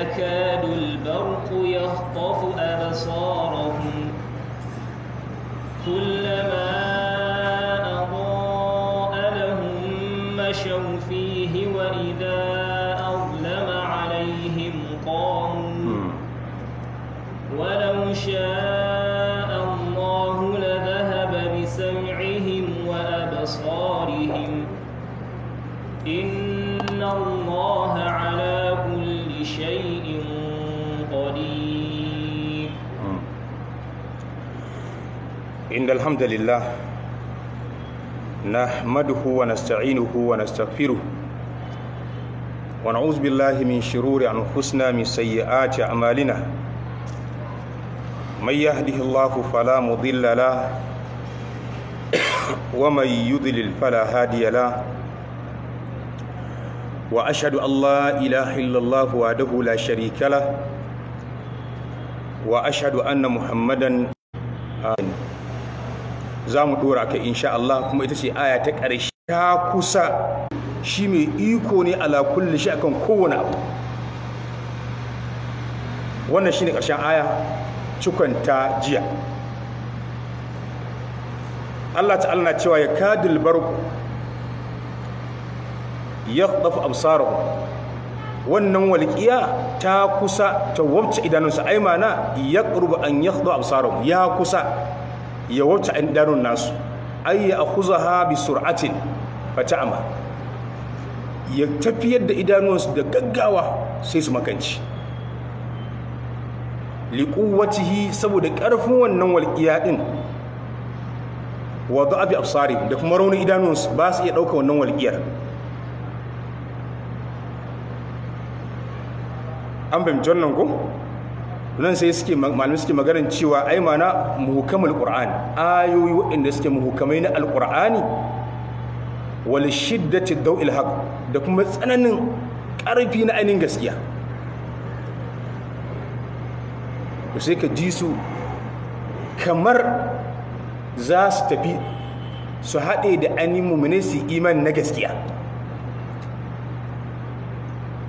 يكاد البرق يخطف أبصارهم كلما إن الحمد لله نحمده ونستعينه ونستغفره ونعوذ بالله من شرور أنفسنا من سيئات أعمالنا من يهده الله فلا مضل له ومن يضلل فلا هادي له وأشهد أن لا إله إلا الله وحده لا شريك له وأشهد أن محمدا za mu dora ka insha Allah kuma ita ce aya ta ƙarshe ta kusa shi mai iko ne ala kulli shi akan kowane abu wannan shine ƙarshen aya ta jiya Allah ta'ala na cewa ya kadul barku ya dafa absarahu wannan walƙiya ta kusa ta wabce idanunsa aimana mana ya ƙurba an ya absarahu ya kusa ya wuce ɗan darun nasu ay ya ha bi sur'atin fata'ama ya tafiyar da idanuwansu da gaggawa sai su makanci liƙuwatihi saboda ƙarfin wannan walƙiya din wa bi absari da kuma raunin idanuwansu ba su iya ɗauka wannan walƙiyar an fahimci wannan ko nan sai suke malamai suke maganar cewa ai mana muhukamul qur'ani ayoyi waɗanda suke muhukamai na alqur'ani wal shiddati dawil haq da kuma tsananin karfi na ainihin gaskiya to sai ka ji su kamar za su tafi su haɗe da ainihin mummune su iman na gaskiya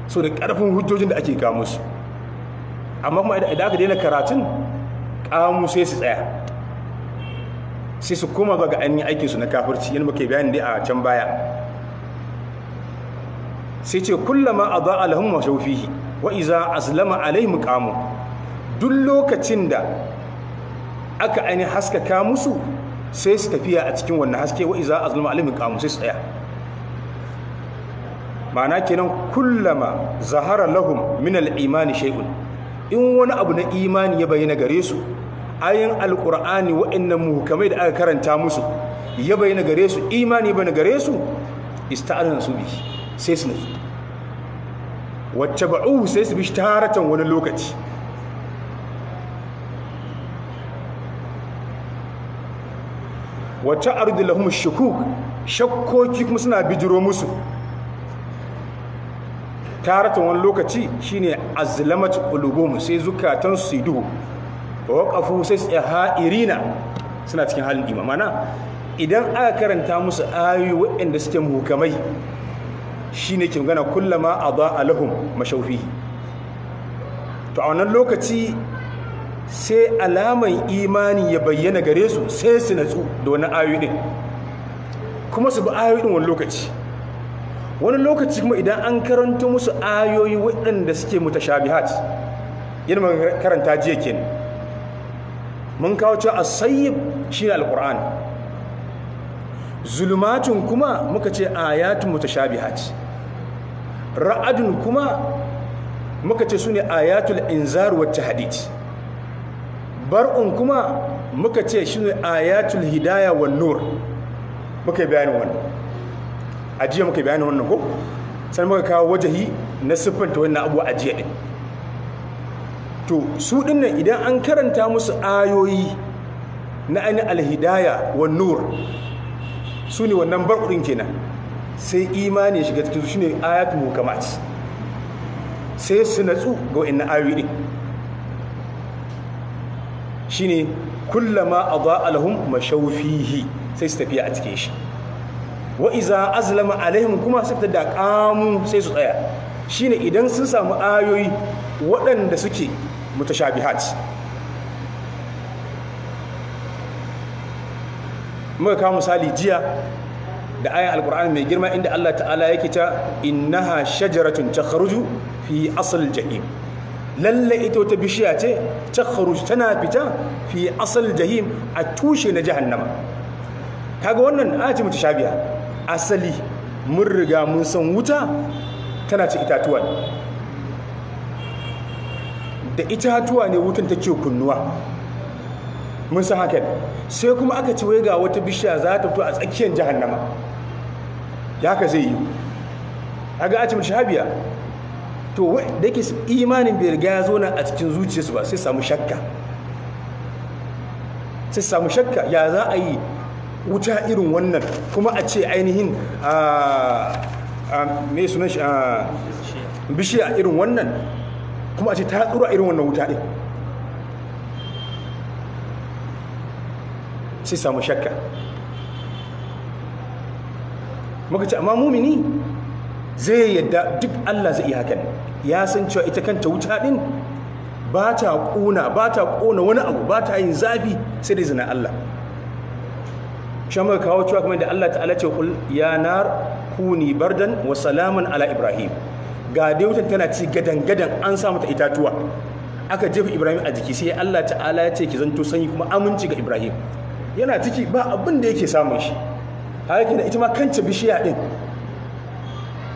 so da ƙarfin hujjojin da ake kawo musu amma kuma idan aka daina karatun kamu sai su tsaya sai su koma ga an yi aikinsu na kafirci yadda muke bayani dai a can baya sai ce kullama a za a lahun mashau fihi wa iza aslama alaihim kamu duk lokacin da aka aini haska kamusu sai su tafiya a cikin wannan haske wa iza aslama mu kamu sai su tsaya ma'ana kenan kullama zahara lahum min al-imani shay'un in wani abu na imani ya bayyana gare su ayin alkur'ani wa'annan muhukamai da aka karanta musu ya bayyana gare su imani ya bayyana gare su ista'adana su bi sai su nufi wacce ba'u sai su bi shi taratan wani lokaci wacce ardu lahum shukuk shakkoki kuma suna bijiro musu taratan wani lokaci shine azlamat ulubum sai zukatan su duhu wa waqafu sai su ha'irina suna cikin halin imamana idan aka karanta musu ayoyi waɗanda suke muhukamai shine ke gana kullama adaa lahum mashawfihi to a wannan lokaci sai alaman imani ya bayyana gare su sai su natsu da wani ayoyi din kuma su bi ayoyi din wani lokaci wani lokaci kuma idan an karanta musu ayoyi waɗanda suke mutashabihat mun karanta jiya kenan mun kawo cewa a sayyib shi ne Alƙur'an, zulumatun kuma muka ce ayatun mutashabihat ra'adun kuma muka ce su ne ayatul inzar ta hadith, bar'un kuma muka ce ne ayatul hidaya wa nur muka bayani wannan a jiya muka bayanin wannan ko sai muka kawo wajahi na siffanta wannan abu a jiya din to su dinnan idan an karanta musu ayoyi na ainihin alhidaya wa nur su ne wannan barkudin kenan sai imani ya shiga cikin su shine ayatu mukamat sai su natsu ga wannan ayoyi din shine kullama adaa lahum mashawfihi sai su tafiya a cikin shi wa iza azlama alaihim kuma sifta da qamu sai su tsaya shine idan sun samu ayoyi waɗanda suke mutashabihat muka kawo misali jiya da ayan alkur'ani mai girma inda Allah ta'ala yake ta innaha shajaratun takhruju fi asl jahim lalle ito ta bishiya ce takhruju tana fita fi asl jahim a tushe na jahannama kaga wannan ayati mutashabiha asali mun riga mun san wuta tana ci itatuwa da itatuwa ne wutan take kunnuwa mun san hakan sai kuma aka ci wai ga wata bishiya za ta fito a tsakiyar jahannama ya ka zai yi a ga a acim shahabiya to da ke imanin bai riga ya zo na a cikin zuciyarsu ba sai samu shakka sai samu shakka ya za a yi wuta irin wannan kuma a ce ainihin ah, ah, mai sunan shi ah, bishiya irin wannan kuma a ce ta tsura irin wannan wuta ɗin sai samu shakka maka ce amma mumini zai yadda duk Allah zai iya hakan ya san cewa ita kanta wuta din ba ta ba ta ƙona wani abu ba ta yin zafi sai dai zina Allah shi muka kawo cewa kamar da Allah ta'ala ce kul ya nar kuni bardan wa salamun ala ibrahim ga dai wutan tana ci gadan gadan an samu ta itatuwa aka jefa ibrahim a jiki sai Allah ta'ala ya ce ki zanto sanyi kuma aminci ga ibrahim yana ciki ba abin da yake samun shi hayakin da ita ma kanta bishiya din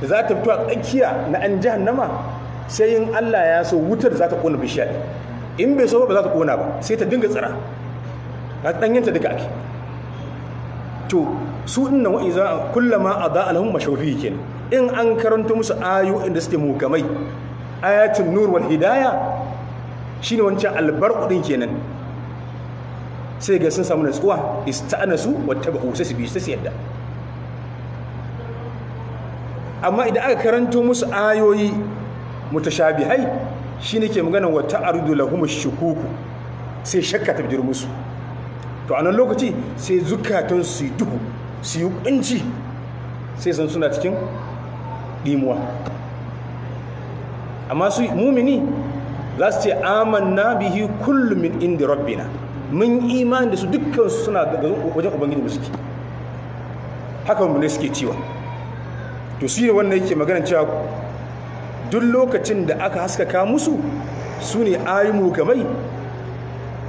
za ta fito a tsakiya na an jahannama sai yin Allah ya so wutar za ta kona bishiya in bai so ba za ta kona ba sai ta dinga tsara ta danyanta duka ake to su inna wa iza kullama ada alhum mashawfi kenan in an karanto musu ayu inda suke mukamai ayatul nur wal hidaya shine wancan albarku din kenan sai ga sun samu natsuwa ista'nasu wattabahu sai su bi su yadda amma idan aka karanto musu ayoyi mutashabihai shine ke maganar wata arudu lahumu shukuku sai shakka ta musu to a nan lokaci sai zukatan su yi duhu su yi kunci sai san suna cikin dimuwa amma su mumini za su ce na bihi kullum inda rabbina mun imani da su dukkan suna wajen ubangiji da suke haka mu ne suke ciwa to su ne wannan yake magana cewa duk lokacin da aka haskaka musu su ne ayi mukamai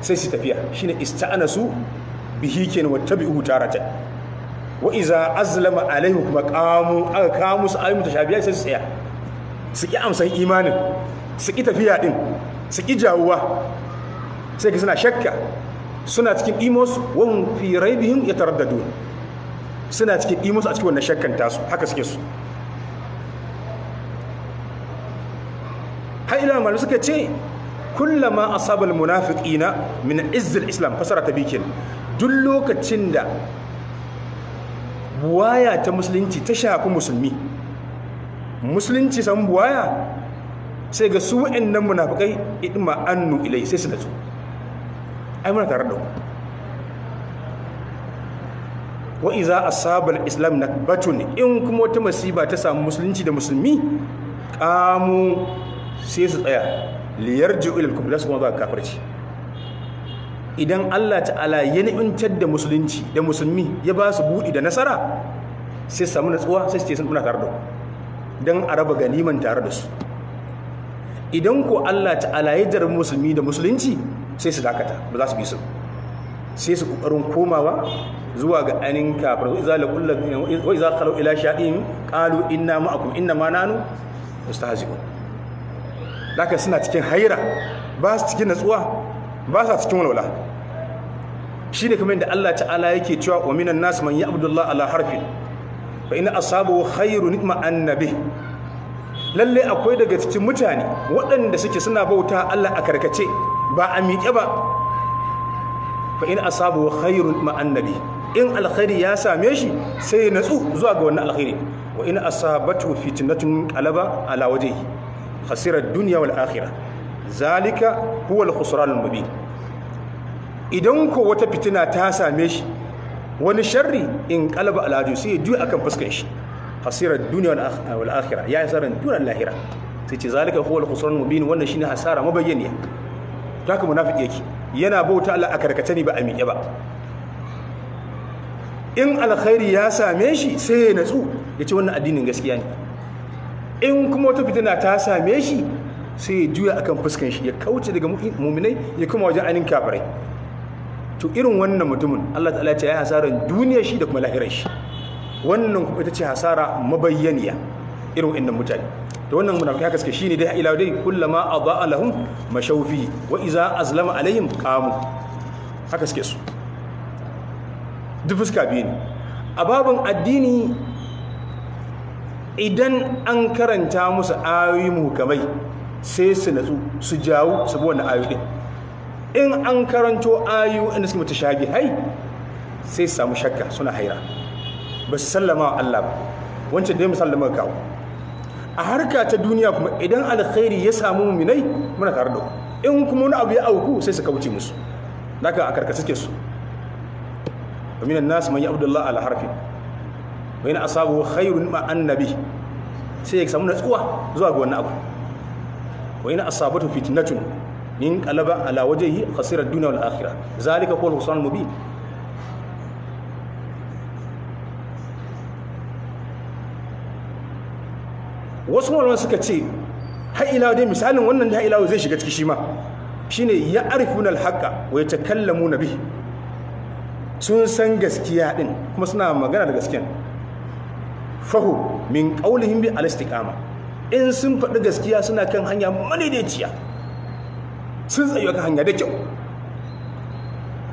sai su tafiya shine ista'anasu bihi kenan wattabi'u taratan wa iza azlama alaihi kuma kamu aka kamu su ayyuka tashabiya sai su tsaya su ki amsan imanin su ki tafiya din su ki jawuwa sai ki suna shakka suna cikin imos wan fi raibihim yataraddadu suna cikin imos a cikin wannan shakkan tasu haka suke su har ila malu suka ce kullama asabal munafiqina min izzil islam fasara ta bikin duk lokacin da buwaya ta musulunci ta shafi musulmi musulunci san buwaya sai ga su wa'annan munafikai idma annu ilai sai su natsu ai muna tare da ku wa iza asabal islam nakbatun in kuma wata masiba ta samu musulunci da musulmi kamu sai su tsaya liyarji'u lil kubla su kuma ba kafirci idan Allah ta'ala ya ni'imtar da musulunci da musulmi ya ba su buɗi da nasara sai samu natsuwa sai su ce sun muna tare da ku don a raba ganiman tare da su idan ko Allah ta'ala ya jarar musulmi da musulunci sai su dakata ba za su bi su sai su ƙoƙarin komawa zuwa ga ainihin kafar wa iza laqul wa iza qalu ila sha'in ƙalu inna ma'akum inna ma nanu mustahzi'un laka suna cikin haira ba su cikin natsuwa ba su cikin walwala ne kuma da Allah ta'ala yake cewa wa minan nas man ya'budu Abdullahi ala harfin fa inna wa khairu ni'ma annabi lalle akwai daga cikin mutane waɗanda suke suna bauta Allah a karkace ba a miƙe ba fa in asabu khairun ni'ma annabi in alkhairi ya same shi sai ya natsu zuwa ga wannan alkhairi wa in asabatu fitnatun qalaba ala wajhihi khasirar duniya wal akhirah zalika huwa al idan ko wata fitina ta same shi wani sharri in qalaba al'adu ju ya juya akan fuskar shi khasirar duniya wal akhirah ya hasaran duniya lahira sai ce zalika huwa al khusran mubin wannan shine hasara mabayyaniya to haka munafiki yake yana bauta Allah a karkace ne ba a miƙe ba in alkhairi ya same shi sai ya natsu ya ce wannan addinin gaskiya ne in kuma wata fitina ta same shi sai ya juya akan fuskan shi ya kauce daga muminai ya kuma wajen anin kafirai to irin wannan mutumin Allah ta'ala ya yi hasarar duniya shi da kuma lahirar shi wannan kuma ita ce hasara mabayyaniya irin inda mutane to wannan muna kuka suke shine dai ila dai kullama adaa lahum mashawfi wa iza azlama alaihim qamu haka suke su duk fuska biyu ne a babin addini idan an karanta musu ayoyi muhukamai sai su natsu su jawo su bi wannan ayoyi in an karanto ayoyi inda suke mutashabi hai sai su samu shakka suna haira ba su sallama wa Allah ba wancan dai misalin ga kawo a harka ta duniya kuma idan alkhairi ya samu muminai muna tare da ku in kuma wani abu ya auku sai su kauce musu naka a karkace su ومن الناس من yi Abdullahi alharfi wa yana asabu khairun ma annabi sai ya samu natsuwa zuwa ga wannan abu wa yana asabatu fitnatun min qalaba ala wajhihi khasira ad-dunya wal akhirah zalika qawl husan khusran mubin wasu malaman suka ce har ila dai misalin wannan da ila zai shiga ciki shi ma shine ya arifuna al haqa wa yatakallamu bihi sun san gaskiya din kuma suna magana da gaskiya fahu min qaulihim bi al-istiqama in sun faɗi gaskiya suna kan hanya madaidaiciya sun tsayo kan hanya da kyau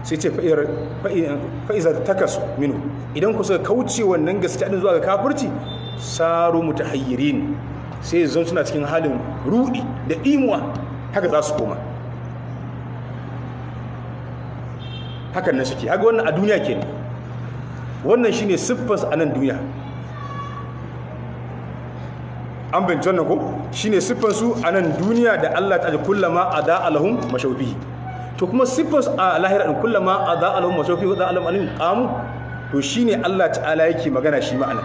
sai ce fa'izar takasu minu idan ku suka kauce wannan gaskiya ɗin zuwa ga kafirci hayyari ne sai zan suna cikin halin rudi da imuwa haka za su koma hakan nan suke haka wannan a duniya kenan wannan shine siffas a nan duniya an bin wannan ko shine ne su a nan duniya da Allah ta ma a da alahum mashaufi. to kuma siffansu su a lahira din a ada alahum mashawfi wa alam alim qamu to shine Allah ta'ala yake magana shi ma'ana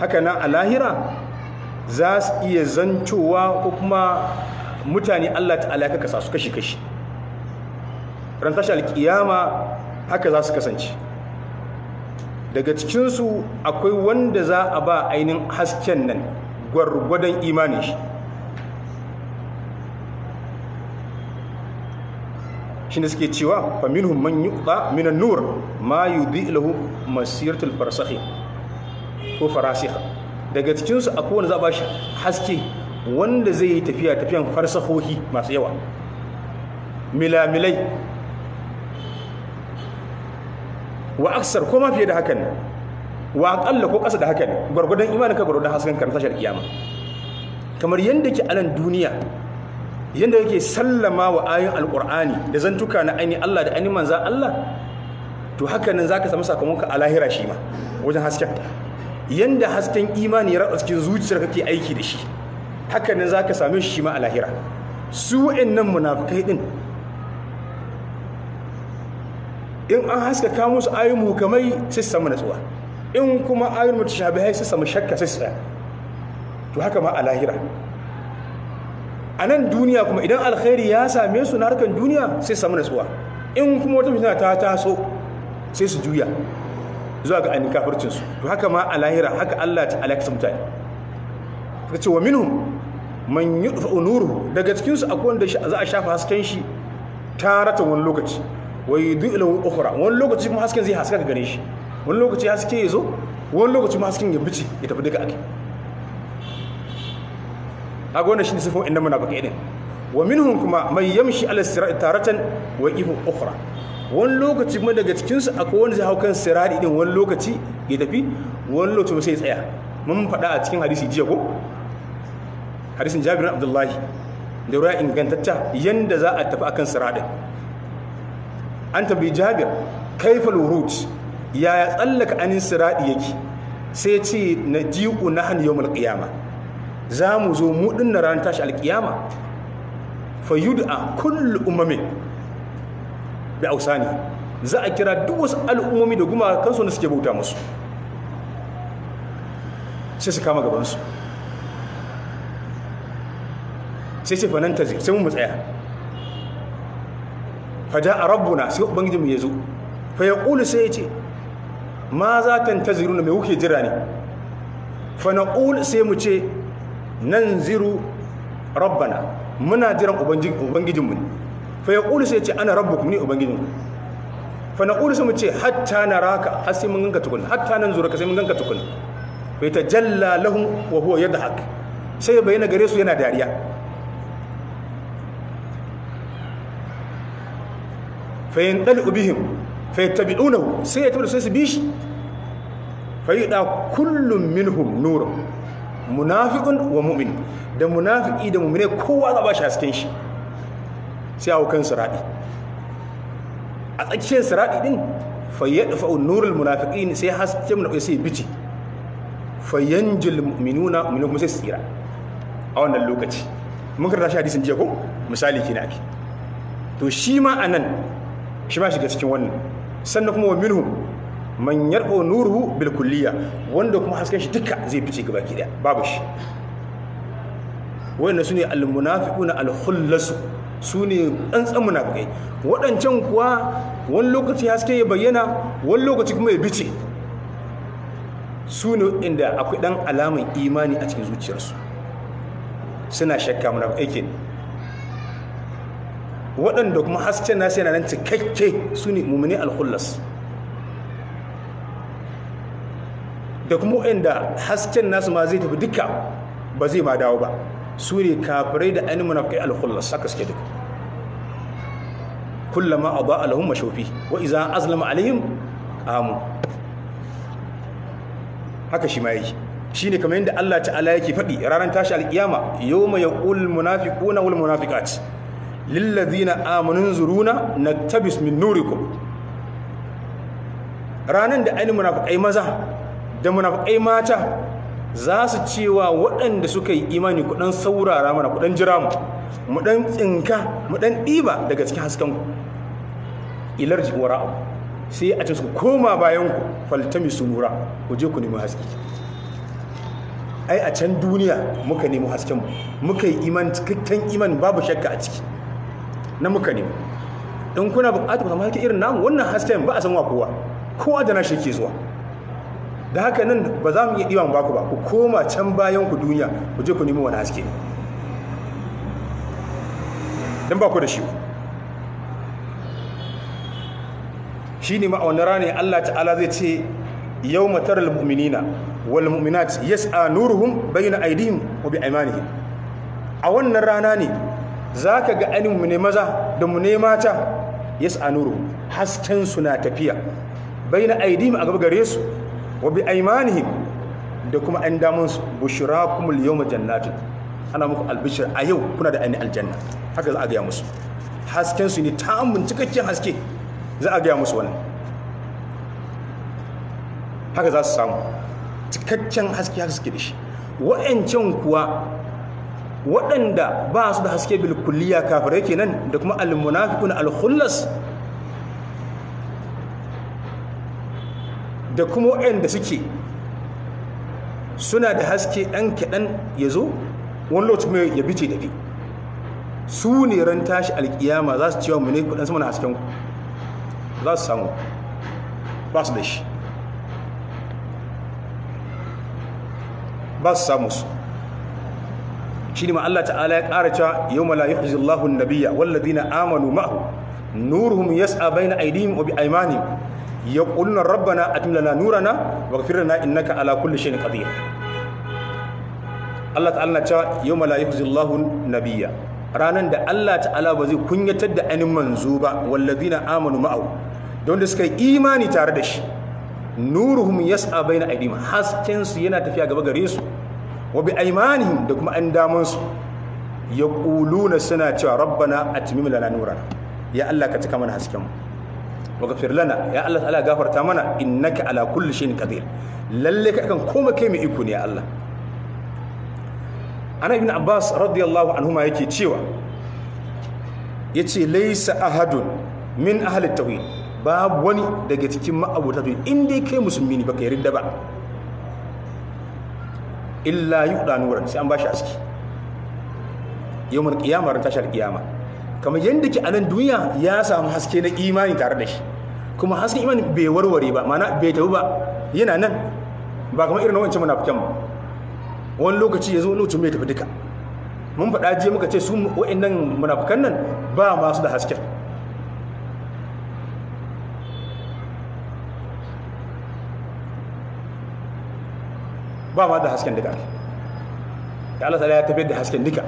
haka nan a lahira za su iya zancowa ko kuma mutane Allah ta'ala ya kasa su kashi kashi ran tashi alkiyama haka za su kasance daga cikinsu akwai wanda za a ba ainihin hasken nan gwargwadon imanin shi shi ne suke cewa faminhum man Yuɗa minan nur ma yudi ilahu masiratul farsahi ko farasikha daga cikinsu a akwai zaɓa shi haske wanda zai yi tafiya tafiyan farsahohi masu yawa milamilai wa aksar ko ma fiye da hakan wa kalla ko kasa da haka ne gwargwadon imanin ka gwargwadon hasken kan tashar kiyama kamar yadda ke anan duniya yadda yake sallama wa ayin alqur'ani da zantuka na aini Allah da aini manzan Allah to haka nan za ka samu sakamonka a lahira shi ma wajen hasken yadda hasken imani ya raɗa cikin zuciyar kake aiki da shi haka nan zaka ka same shi ma a lahira su wa'annan munafikai ɗin in an haska kamusu ayin mai sai su samu natsuwa in kuma ayoyin mutashabihai su samu shakka sai su to haka ma a lahira a nan duniya kuma idan alkhairi ya same su na harkar duniya sai samu natsuwa in kuma wata fitina ta taso sai su juya zuwa ga ainihin kafircinsu to haka ma a lahira haka Allah ta alaƙasa mutane ta ce wa minhum man yi unuru daga cikinsu a kowanda za a shafa hasken shi tarata wani lokaci wai duk ilawun ukura wani lokaci kuma hasken zai haska ka gane shi wani lokaci haske ya zo wani lokaci ma hasken ya bice ya tafi duka ake a gona shi ne sifo inda muna baka idin wa minhun kuma mai yamshi ala sirat taratan wa ihu ukhra wani lokaci kuma daga cikinsu akwai wani zai haukan sirari idin wani lokaci ya tafi wani lokaci sai ya tsaya mun faɗa a cikin hadisi jiya ko hadisin jabirin abdullahi da ruwa ingantacca yadda za a tafi akan sirari an tabi jabir kaifal wurut yaya tsallaka anin siradi yake sai ce na jiƙu na hannu yau alƙiyama za mu zo muɗin na ranar tashi alƙiyama fayyudu a kullu umamin da ausani za a kira duk wasu al'ummomi da guma kansu na suke bauta musu sai su kama gabansu sai ce nan ta sai mu tsaya ja a rabbuna sai ubangijinmu ya zo fa ya ƙulu sai ya ce ma za ta taziru na mai wuke jira ne fana'ul sai mu ce nan ziru rabbana muna jiran ubangijinmu ne fana ya sai ce ana rabbukum ne ubangijinmu fana na sai mu ce hatta na raka har sai mun ganka tukun hatta nan zura ka sai mun ganka tukun bai ta jalla lahun wahuwa yadda haka sai ya bayyana gare su yana dariya fayin ɗal'ubihim fa yattabi'unahu sai ya tabbata sai su bi shi fa yuda kullum minhum nura munafiqun wa mu'min da munafiki da mu'mine kowa za ba shi hasken shi sai a kan sirati a tsakiyar sirati din fa yadfa'u nurul munafiqin sai hasken munafiqi sai ya bici fa yanjul mu nuna kuma sai su tsira a wannan lokaci mun karanta shi hadisin jiya ko misali kina ake to shi ma anan shi ma shiga cikin wannan sannan kuma wa minhum man yarqu nuruhu bil kulliya wanda kuma hasken shi duka zai fice gaba ki da babu shi wayannan sune al munafiquna al khullasu sune tsan munafikai wadancan kuwa wani lokaci haske ya bayyana wani lokaci kuma ya bice sune inda akwai dan alaman imani a cikin zuciyarsu suna shakka munafikai kenan waɗanda kuma hasken nasu yana nan cikakke su ne mummuni alkhullas da kuma waɗanda hasken nasu ma zai tafi duka ba zai ma dawo ba su ne kafirai da ainihin munafikai alkhullas haka suke duka kullama a ba'a lahun mashofi wa iza azlama alihim kamu haka shi ma yi shi ne kamar yadda Allah ta'ala yake faɗi ranar tashi alƙiyama yau mai yaƙul munafiƙuna wal ƙaci lillazina amanun zuruna na tabis min nurikum ranar da ainihin munafukai maza da munafukai mata za su cewa waɗanda suka yi imani kudan saurara mana kudan jira mu mudan tsinka mu ɗan ɗiba daga cikin hasken ku ilar jiwara sai a ce koma bayan ku faltami su nura ku je ku nemi haske ai a can duniya muka nemi hasken mu muka yi iman cikakken iman babu shakka a ciki na muka ne in kuna buƙatar ku samu irin namu wannan hasken ba a san wakowa kowa kowa da nashi ke zuwa da haka nan ba za mu iya ɗiwan baku ba ku koma can bayan ku duniya ku je ku nemi wani haske don ba da shi shi ne ma'aunin rane Allah ta'ala zai ce yau matar al-mu'minina wal mu'minat yas'a nuruhum bayyana aidihim wa bi aimanihim a wannan rana ne za ka ga ainihinmu ne maza da mu ne mata ya nuru hasken na tafiya bai na aidim a gaba gare su wa bi aimanihim da kuma an damansu bushira kuma liyoma jannatin ana muku albishir a yau kuna da ainihin aljanna haka za a gaya musu hasken su ne tamun cikakken haske za a gaya musu wannan haka za su samu cikakken haske haske da shi wa'ancan kuwa waɗanda ba su da haske bilkuliya kulliya yake nan da kuma al munafiqun al da kuma waɗanda suke suna da haske ɗan kaɗan ya zo wani lokacin mai ya bice da su ne ran tashi alkiyama za su ciwa mu ne kudin mana hasken ku za su samu ba su da shi ba su samu su shine ma Allah ta'ala ya ƙara cewa yawma la yuhzillahu an-nabiyya wal ladina amanu ma'ahu nuruhum yas'a bayna aydihim wa bi aymanihim yaquluna rabbana atim lana nurana waghfir lana innaka ala kulli shay'in qadir Allah ta'ala na cewa yawma la yuhzillahu an-nabiyya ranan da Allah ta'ala ba zai kunyatar da anin manzo ba wal ladina amanu ma'ahu don da suka yi imani tare da shi nuruhum yas'a bayna aydihim hasken su yana tafiya gaba gare su wa bi aimani da kuma an su ya ƙuluna suna cewa rabbana a timim lana nura ya Allah ka cika mana hasken mu wa ya Allah ta'ala gafarta mana innaka ala kulli shay'in qadir lalle ka kan koma kai mai iko ne ya Allah ana ibn abbas radiyallahu anhuma yake cewa yace laysa ahadun min ahli tawhid babu wani daga cikin ma'abuta tawhid in kai musulmi ne baka yarda ba illa yuda nuran sai an bashi aski yawmul qiyamah ran tashar ƙiyama kamar yadda ke a nan duniya ya samu haske na imani tare da shi kuma hasken imani bai warware ba mana bai tabu ba yana nan ba kamar irin wancan munafikan ba wani lokaci ya zo lokacin bai tafi duka mun faɗa jiya muka ce su nan munafikan nan ba masu da hasken ba ma da hasken duka da Allah ta'ala ya tafi da hasken duka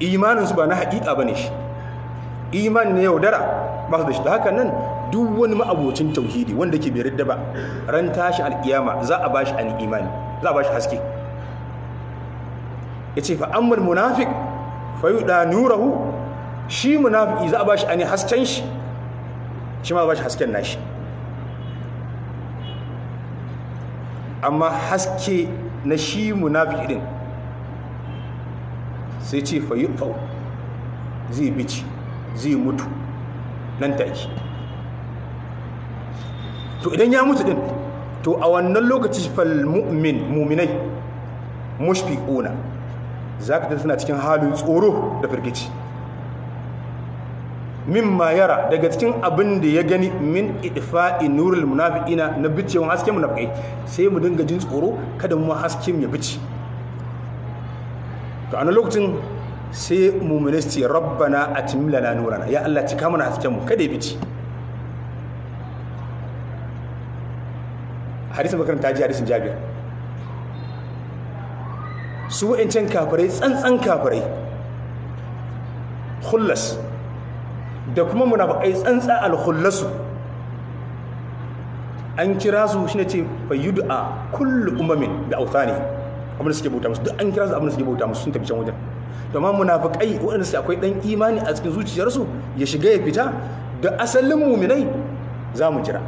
imaninsu ba na haƙiƙa ba ne shi imanin na yaudara ba su da shi da haka nan duk wani ma'abocin tauhidi wanda ke bai da ba ran tashi alƙiyama za a bashi an imani za a bashi haske ya ce fa'ammar munafik fayuɗa nurahu shi munafiki za a bashi an hasken shi shi ma ba shi hasken nashi amma haske na shi munafiki din sai ce fa fau zai bici zai mutu nan take to idan ya mutu din to a wannan lokaci fal mu'min mu'minai mushfiquna zaka suna cikin halin tsoro da firgici mimma yara daga cikin abin da ya gani min idfa'i nurul munafiqina na bicewan hasken munafiqai sai mu dinga jin tsoro kada mu hasken ya bice to a lokacin sai mu su rabbana atim lana nurana ya Allah cika mana hasken mu kada ya bice hadisin makaranta ji hadisin jabir su wa'ancan kafirai tsantsan kafirai khullas da kuma yi tsantsa alkhullasu an kira su ne ce fayyud'a kullu umamin auta ne abin da suke bauta musu duk an kira su abin da suke bauta musu sun tafi can wajen domin munafiqai waɗanda su akwai ɗan imani a cikin zuciyarsu ya shiga ya fita da asalin muminai za mu jira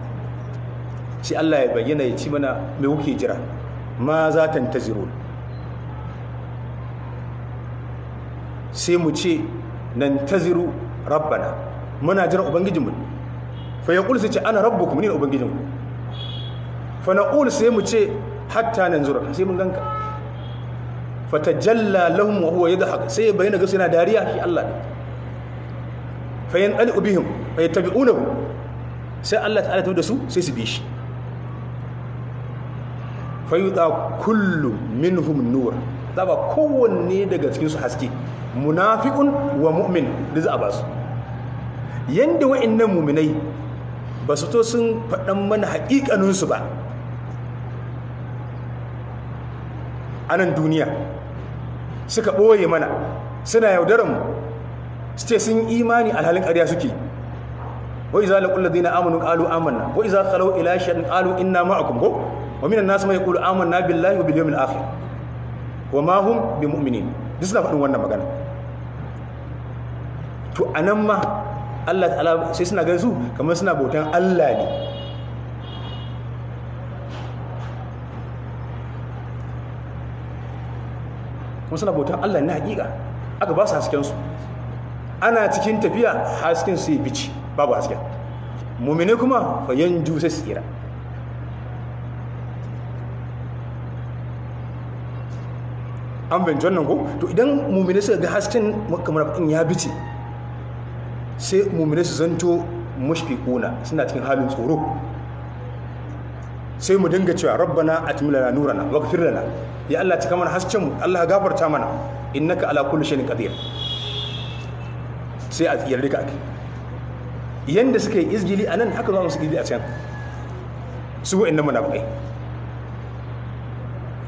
shi Allah ya bayyana ya ci mana mai wuke jira ma za ta tazirun sai mu ce nan taziru rabbana muna jiran ubangijinmu fa ya sai ce ana rabbukum ni ubangijinku fa naqul sai mu ce hatta zura, sai mun ganka fa tajalla lahum wa huwa yadhhak sai ya bayyana gasu yana dariya shi Allah ne fa yanqalu bihim fa yattabi'unahu sai Allah ta'ala ta da su sai su bi shi fa yuda kullu minhum nur zaba kowanne daga cikin su haske munafiqun wa mu'min da za a ba su yanda wa'annan muminai ba su to sun faɗan mana haƙiƙaninsu ba a nan duniya suka ɓoye mana suna yaudaranmu su ce sun imani alhalin ƙarya suke wai za a laƙulla zai na amonu ƙalu amanna wai za a ƙalau ilashen ƙalu ina ma'akum ko wa minan nasu mai ƙulu amanna billahi wa biliyomin afi wa mahum bi mu'minin duk suna faɗin wannan magana to a nan ma Allah ta'ala sai suna gan su kamar suna bautan Allah ne kuma suna bautan Allah ne haƙiƙa aka ba su hasken su ana cikin tafiya hasken su ya bici babu hasken mummine kuma fa ju sai su kira an bincin nan ko to idan mummine suka ga hasken kamar ya bici sai mummune su zanto kuna suna cikin halin tsoro sai mu dinga cewa rabbana atmil lana na wakafin lana ya Allah cika mana hasken mu Allah gafarta mana innaka ala kulli shay'in qadir sai a yarda ka ake yanda suka yi izgili anan haka za mu su gidi a can su wa'annan munafiqai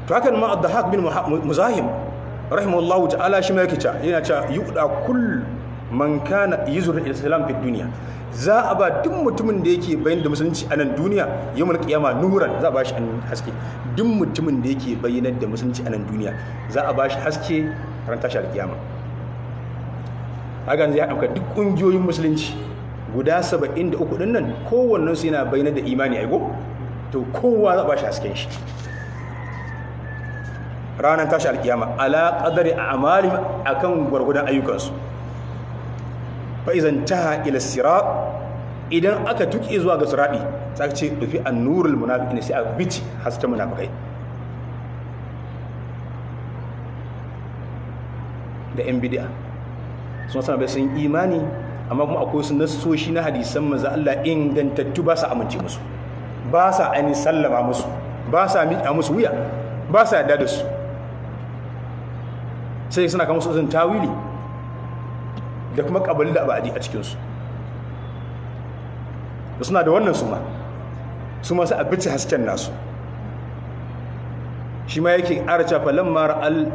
to hakan ma ad-dahak bin muzahim rahimahullahu ta'ala shi ma yake ta yana cewa yuda kullu man kana yuzur islam fi duniya za a ba duk mutumin da yake bayyana da musulunci a nan duniya mulki qiyama nuran za a ba shi haske duk mutumin da yake bayyana da musulunci a nan duniya za a ba shi haske ran tashi alkiyama hakan zai haɗauka duk ƙungiyoyin musulunci guda 73 din nan su yana bayyana da imani aigo to kowa za a ba shi hasken shi ranar tashi alkiyama ala qadari a akan gwargwadon ayyukansu faizan taha ila sira idan aka tuki zuwa ga surabi sai ce dufi annurul ne sai a bici hasken munafikai da yan bidiya sun sama bai sun imani amma kuma akwai su nassoshi na hadisan maza Allah ingantattu ba sa amince musu ba sa aini sallama musu ba sa miƙa musu wuya ba sa yarda da su sai suna kama su tawili da kuma ƙabali da ba'adi a cikinsu da suna da wannan su ma su masu hasken nasu shi ma yake arca falon mara al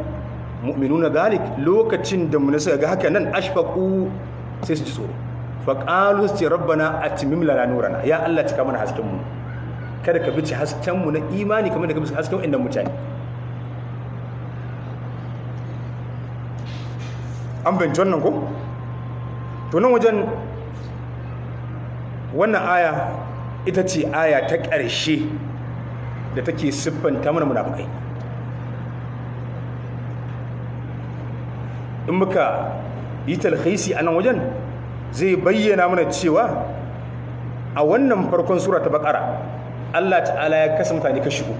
na galik lokacin da muna suka ga haka nan ashfaku sai su ji tsoro faƙalu su ce rabbana a timim lalanurana ya allah cika mana haskenmu kada ka bici haskenmu na imani kamar da ka bice hasken inda mutane an bincin wannan ko tunan wajen wannan aya ita ce aya ta ƙarshe da take siffanta mana munafukai in muka yi talhaisi a nan wajen zai bayyana mana cewa a wannan farkon sura ta bakara Allah ta'ala ya kasa mutane kashi uku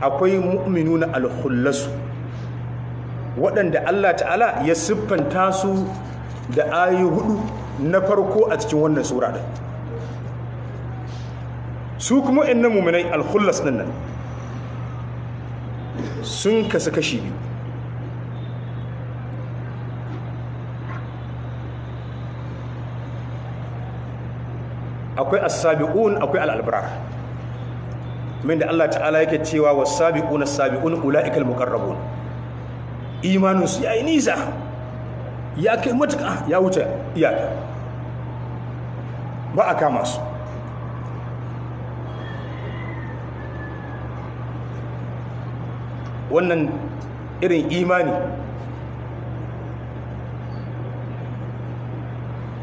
akwai na alhullasu waɗanda Allah ta'ala ya siffanta su da ayi hudu na farko a cikin wannan sura ɗin su kuma in na muminai alkhullas nan nan sun kasu kashi biyu akwai asabi'un akwai al min da Allah ta'ala yake cewa wasabi'un na ula'ikal sabiqun ulaika muqarrabun imanin su yayi nisa ya kai matuka ya wuce iyaka ba a kama su wannan irin imani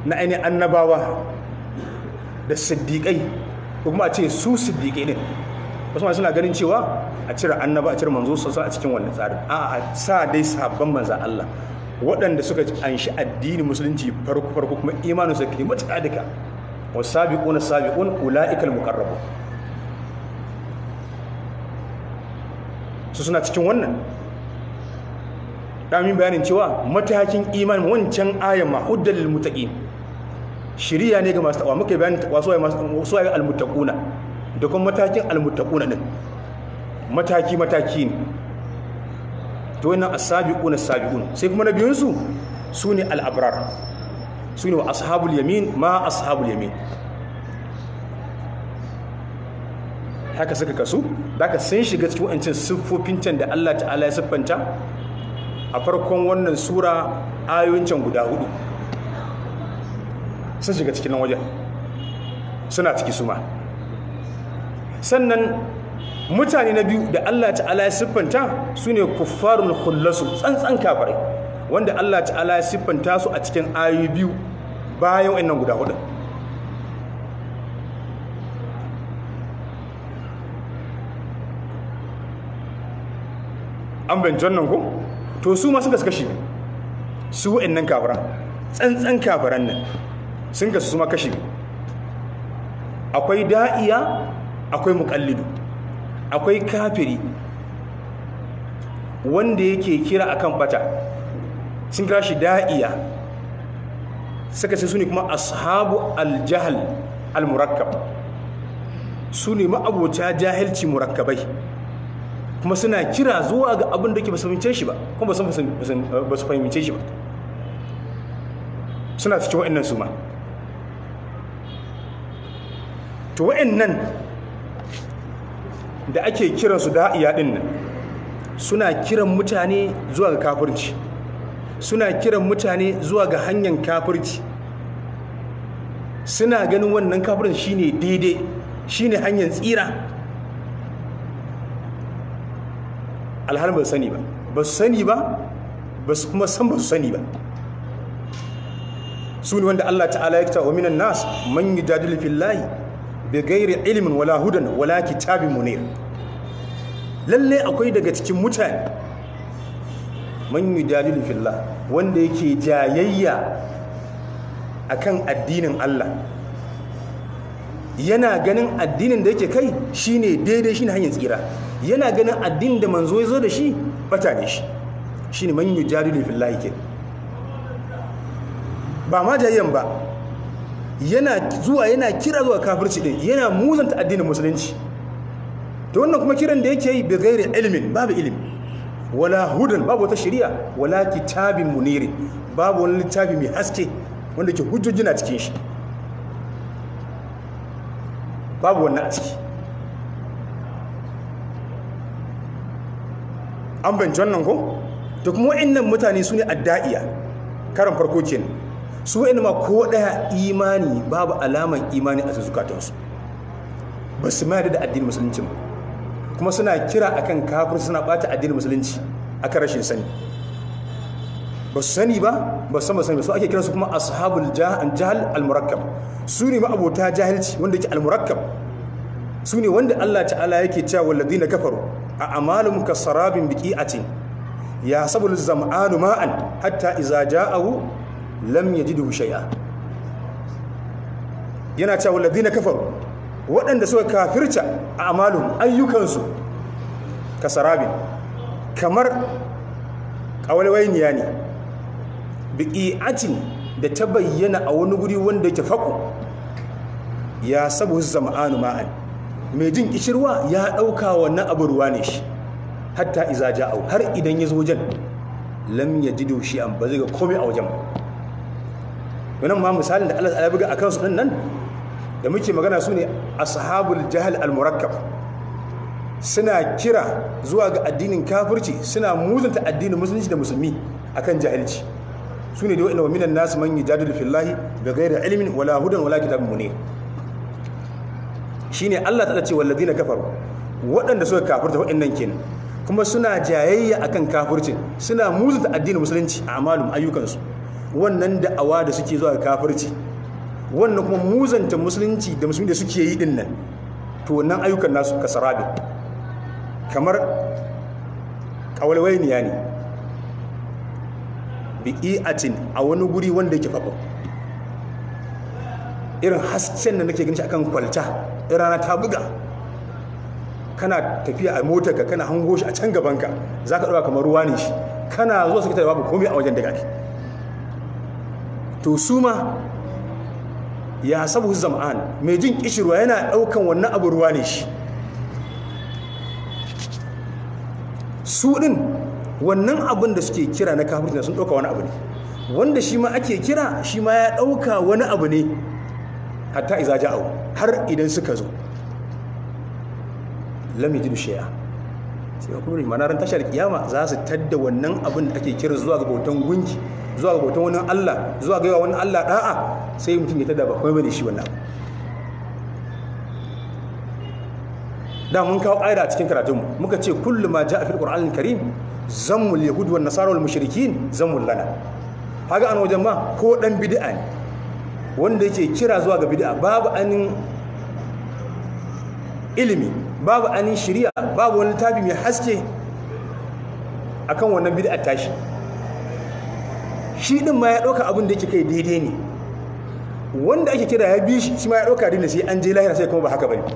na ainihin annabawa da siddiƙai ko kuma a ce su siddiƙai ne wasu suna ganin cewa a cire annaba a cire manzo sosai a cikin wannan tsarin a sa dai sabon manzan Allah waɗanda suka anshi addini musulunci farko farko kuma imanin su kai mata adika wasabiquna sabiqun ulaikal muqarrabun su suna cikin wannan ɗamin bayanin cewa matakin iman wancan ayan ma huddal lil muttaqin shiriya ne ga masu taɓa muka bayanin taqwa suwaye masu suwaye al muttaquna da kuma matakin al muttaquna din mataki mataki ne to wannan as-sabiquna sai kuma na biyun su ne al-abrar ne wa ashabul yamin ma ashabul yamin haka suka kasu daga sun shiga cikin wancin siffofin can da Allah ta'ala ya siffanta a farkon wannan sura ayoyin can guda hudu sun shiga cikin wajen suna ciki suma sannan mutane na biyu da Allah ta'ala ya siffanta su ne kuffarul khullasu tsantsan kafirai wanda Allah ta'ala ya siffanta su a cikin ayoyi biyu bayan wannan guda hudu an bincin nan ko to su ma suka shi ne su wa'annan kafiran tsantsan kafiran nan sun kasu su ma kashi akwai da'iya akwai mukallidu akwai kafiri wanda yake kira a kan bata sun kira shi da'iya suka ce su ne kuma ashabu aljahal almurakkab su ne ma'abota jahilci murakkabai kuma suna kira zuwa ga abin da ke basu fahimce shi ba kuma basu fahimce shi ba suna cikin wa'annan su ma to wa'annan da ake kiransu iya din nan suna kiran mutane zuwa ga kafirci suna kiran mutane zuwa ga hanyar kafirci suna ganin wannan kafirci shine daidai shine hanyar tsira alhalin ba su sani ba ba su sani ba ba su kuma san ba su sani ba su ne wanda Allah ta'ala ya kita wa minan nas man yujadilu fillahi bigairi ilimin wala hudan wala kitabin munir lalle akwai daga cikin mutane man yujadilu fillah wanda yake jayayya akan addinin Allah yana ganin addinin da yake kai shine daidai shine hanyar tsira yana ganin addinin da manzo yazo da shi bata ne shi shine man yujadilu fillah yake ba ma jayayyan ba yana zuwa yana kira zuwa kafirci din yana muzanta addinin musulunci to wannan kuma kiran da yake yi bi ghairi ilmin babu ilimi wala hudan babu wata shari'a wala kitabin muniri babu wani littafi mai haske wanda ke hujjoji na cikin shi babu wannan a ciki an banci wannan ko to kuma wa'annan mutane su ne adda'iya karan farko kenan su wa'in ma ko ɗaya imani babu alaman imani a zukatansu ba su mayar da addinin musulunci ba kuma suna kira akan kafin suna bata addinin musulunci akan rashin sani ba su sani ba ba su sama sani ba su ake kiransu kuma ashabul jahal al-murakkab su ne ma'abota jahilci wanda yake al-murakkab su ne wanda Allah ta'ala yake cewa walladina kafaru a amalum kasarabin biqi'atin ya sabul zam'anu ma'an hatta iza ja'ahu lam yajidu shay'a yana cewa alladhina kafaru waɗanda suka kafirta a amalun ayyukansu kasarabin kamar ƙawalwainiya ne bi'i'atin da ta bayyana a wani guri wanda yake faku ya sabu zama'anu ma'an mai jin kishirwa ya ɗaukawa wannan abu ruwa ne shi hatta iza har idan ya zo wajen lam yajidu shi'an ba zai ga komai a wajen nan ma misalin da Allah ya buga akan su din nan da muke magana su ne ashabul jahl al murakkab suna kira zuwa ga addinin kafirci suna muzunta addinin musulunci da musulmi akan jahilci su ne da wa'ina wa minan nasu man da fillahi ga gairar ilimin wala hudan wala ne. shi ne Allah ta ce na kafaru waɗanda suka kafirta waɗannan kenan kuma suna jayayya akan kafircin suna muzunta addinin musulunci a amalum ayyukansu wannan awa da suke zuwa kafirci wannan kuma muzanta musulunci da musulmi da suke yi dinnan to wannan ayyukan nasu sarabe kamar kawalwainiya ne bi'i'atin a wani guri wanda yake faɓo irin hasken da nake gani shi akan kwalta rana ta buga kana tafiya a motarka kana hango shi a can gabanka za ka ɗaba kamar ruwa ne shi kana zuwa suka babu komai a wajen da kake to su ma ya sabu zama'an mai jin kishirwa yana daukan wannan abu ruwa ne shi su din wannan abin da suke kira na kafin sun dauka wani abu ne wanda shi ma ake kira shi ma ya dauka wani abu ne hatta izaja'au har idan suka zo lamidin shi'a sai kuma da manaran tashar kiyama za su tadda wannan abin da ake kira zuwa ga bautan gunki zuwa ga bautan wani Allah zuwa ga wani Allah da'a sai mutum ya tada ba kuma bane shi wannan da mun kawo ƙa'ida a cikin karatun muka ce kullu ma ja'a fil qur'anil karim zammul yahud wan nasara wal mushrikin zammul lana haga an wajen ma ko dan bid'a ne wanda yake kira zuwa ga bid'a babu anin ilimi babu anin shirya babu wani littafi mai haske a kan wannan bid'a tashi shi din ma ya ɗauka abin da yake kai daidai ne wanda ake kira ya bi shi shi ma ya ɗauka dina sai an je lahira sai kuma ba haka bane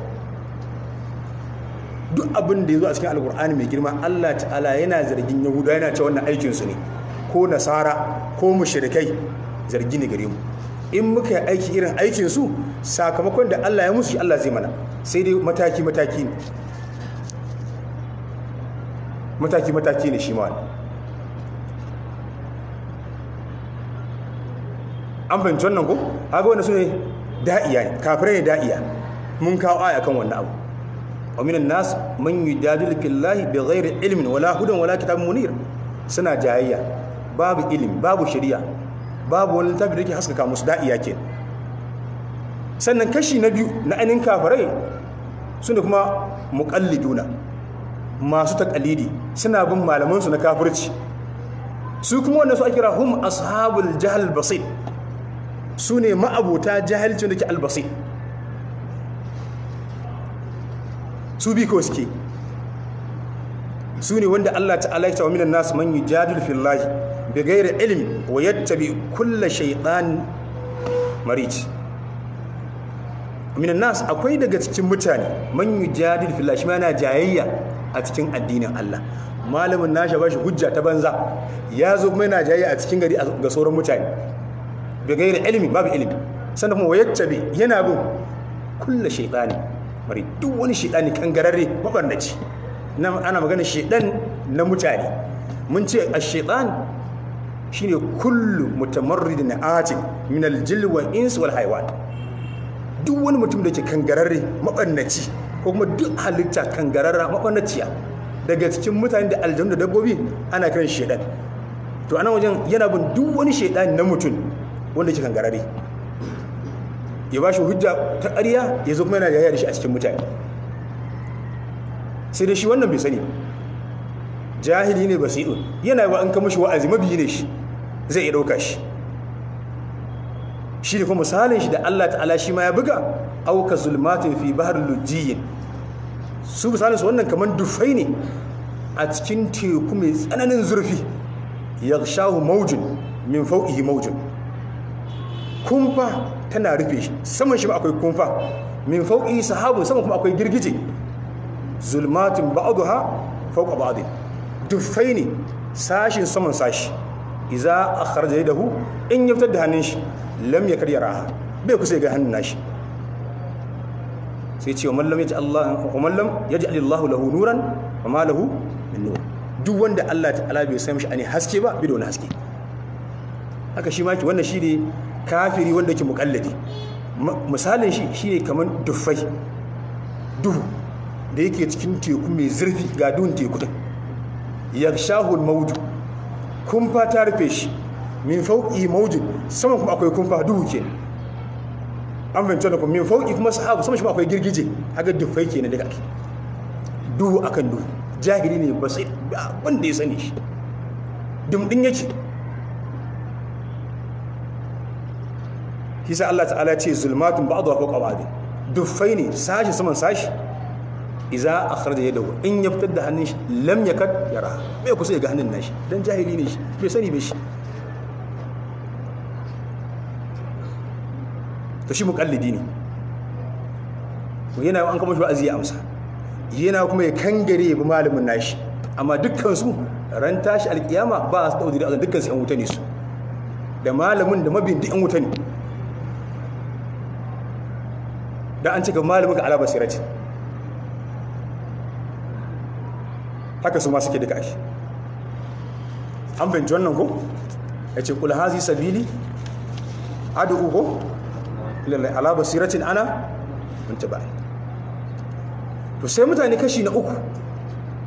duk abin da ya zo a cikin alkur'ani mai girma Allah ta'ala yana zargin yahuda yana ce wannan aikinsu ne ko nasara ko mushrikai zargi ne gare mu in muka yi aiki irin aikinsu sakamakon da Allah ya musu shi Allah zai mana sai dai mataki-mataki ne mataki-mataki ne shi ma an fahimci wannan ko haka wanda su ne da'iya ne kafirai ne da'iya mun kawo aya kan wannan abu aminan nasu man yujadilu bai bighairi ilimin wala hudun wala kitabin munir suna jayayya babu ilimi babu shari'a babu wani littafi da ke haskaka musu da'iya ke sannan kashi na biyu na ainihin kafirai su kuma kuma duna masu takalidi suna bin malamansu na kafirci su kuma wanda su ake kira hum ashabul jahal basir su ne ma'abuta jahilcin da ke albasir su bi ko suke su ne wanda Allah ta'ala ya wa minan nas man jadul fillahi bi gairar ilimin wa yattabi kulla shaytan marici min nas akwai daga cikin mutane man yujadil fil shi yana jayayya a cikin addinin Allah malamin nasha bashi hujja ta banza ya zo kuma yana jayayya a cikin gari ga sauran mutane bi gairi ilimi babu ilimi sannan kuma wayattabi yana bin kullu shaytani bari duk wani shaytani kangararre mabarnaci nan ana magana shaytan na mutane mun ce ash-shaytan shine kullu mutamarridin atin min al jilwa ins wal haywan duk wani mutum da ke kangararre maɓannaci ko kuma duk halitta kangararra maɓannaciya daga cikin mutane da aljanu da dabbobi ana kiran shaidan to ana wajen yana bin duk wani shaidan na mutum wanda ke kangararre ya ba shi hujja ta ƙarya ya zo kuma yana da da shi a cikin mutane sai da shi wannan bai sani jahili ne basirun yana yi wa an kama shi wa'azi mabiyi ne shi zai iya ɗauka shi shi da kuma misalin shi da Allah ta'ala shi ma ya buga auka zulmatin fi bahar lujiyin su misalin su wannan kamar dufai ne a cikin teku mai tsananin zurfi ya shahu maujin min fau'ihi maujin kumfa tana rufe shi saman shi akwai kumfa min fau'ihi sahabun saman kuma akwai girgije zulmatin ba'aduha fauqa ba'd dufai ne sashin saman sashi iza da hu in yaftar da hannun shi lam ya karya raha bai kusa ga hannun nashi sai ce wa mallam yaji Allah wa mallam yaji Allah lahu nuran wa ma lahu min nur duk wanda Allah ta'ala bai san shi ani haske ba bai da haske haka shi ma ki wannan shine kafiri wanda yake muƙalladi misalin shi shine kaman duffai duhu da yake cikin teku mai zurfi ga duhun teku din yakshahu al-mawdu kun fata rufe shi min fauki maujin sama kuma akwai kumfa duhu ke an fahimci da kuma min fauki kuma sahabu sama shi akwai girgije aga dufai ke na daga ake duhu akan duhu jahili ne ba sai abin da ya sani shi dumdin yake sai Allah ta'ala ce zulmatun ba'adu wa fauka ba'adu dufai ne sashi saman sashi iza a kharaja ya dawo in ya fitar da hannun shi lam yakad yara bai kusa ya ga hannun nashi don jahili ne shi bai sani bai shi to shi mukallidi ne yana an kuma shi wa'azi ya amsa yana kuma ya kangare bi malamin nashi amma dukkan su ran tashi alkiyama ba su daudi da dukkan su yan wuta ne su da malamin da mabin da yan wuta ne da an cika malamin ka alaba sirati haka su ma suke duka shi an binci wannan ko ya ce kula hazi sabili adu'u uku lallai ala basiratin ana wanta ba to sai mutane kashi na uku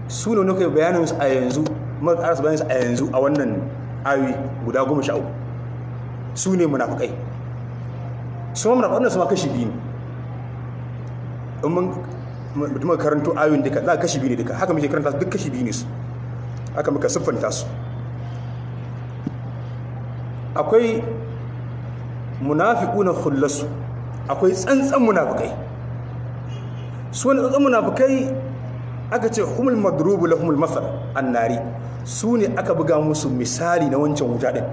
su ne nuka bayanin su a yanzu maka ƙarasa bayanin su a yanzu a wannan awi guda goma sha uku su ne munafukai su ma munafukai su ma kashi biyu ne in mun mutum karanto ayoyin duka za a kashi biyu ne duka haka muke karanta duk kashi biyu ne su haka muka siffanta su akwai munafiquna khullasu akwai tsantsan munafikai su wani tsantsan munafikai aka ce humul madrubu lahumul masal annari su ne aka buga musu misali na wancan wuta din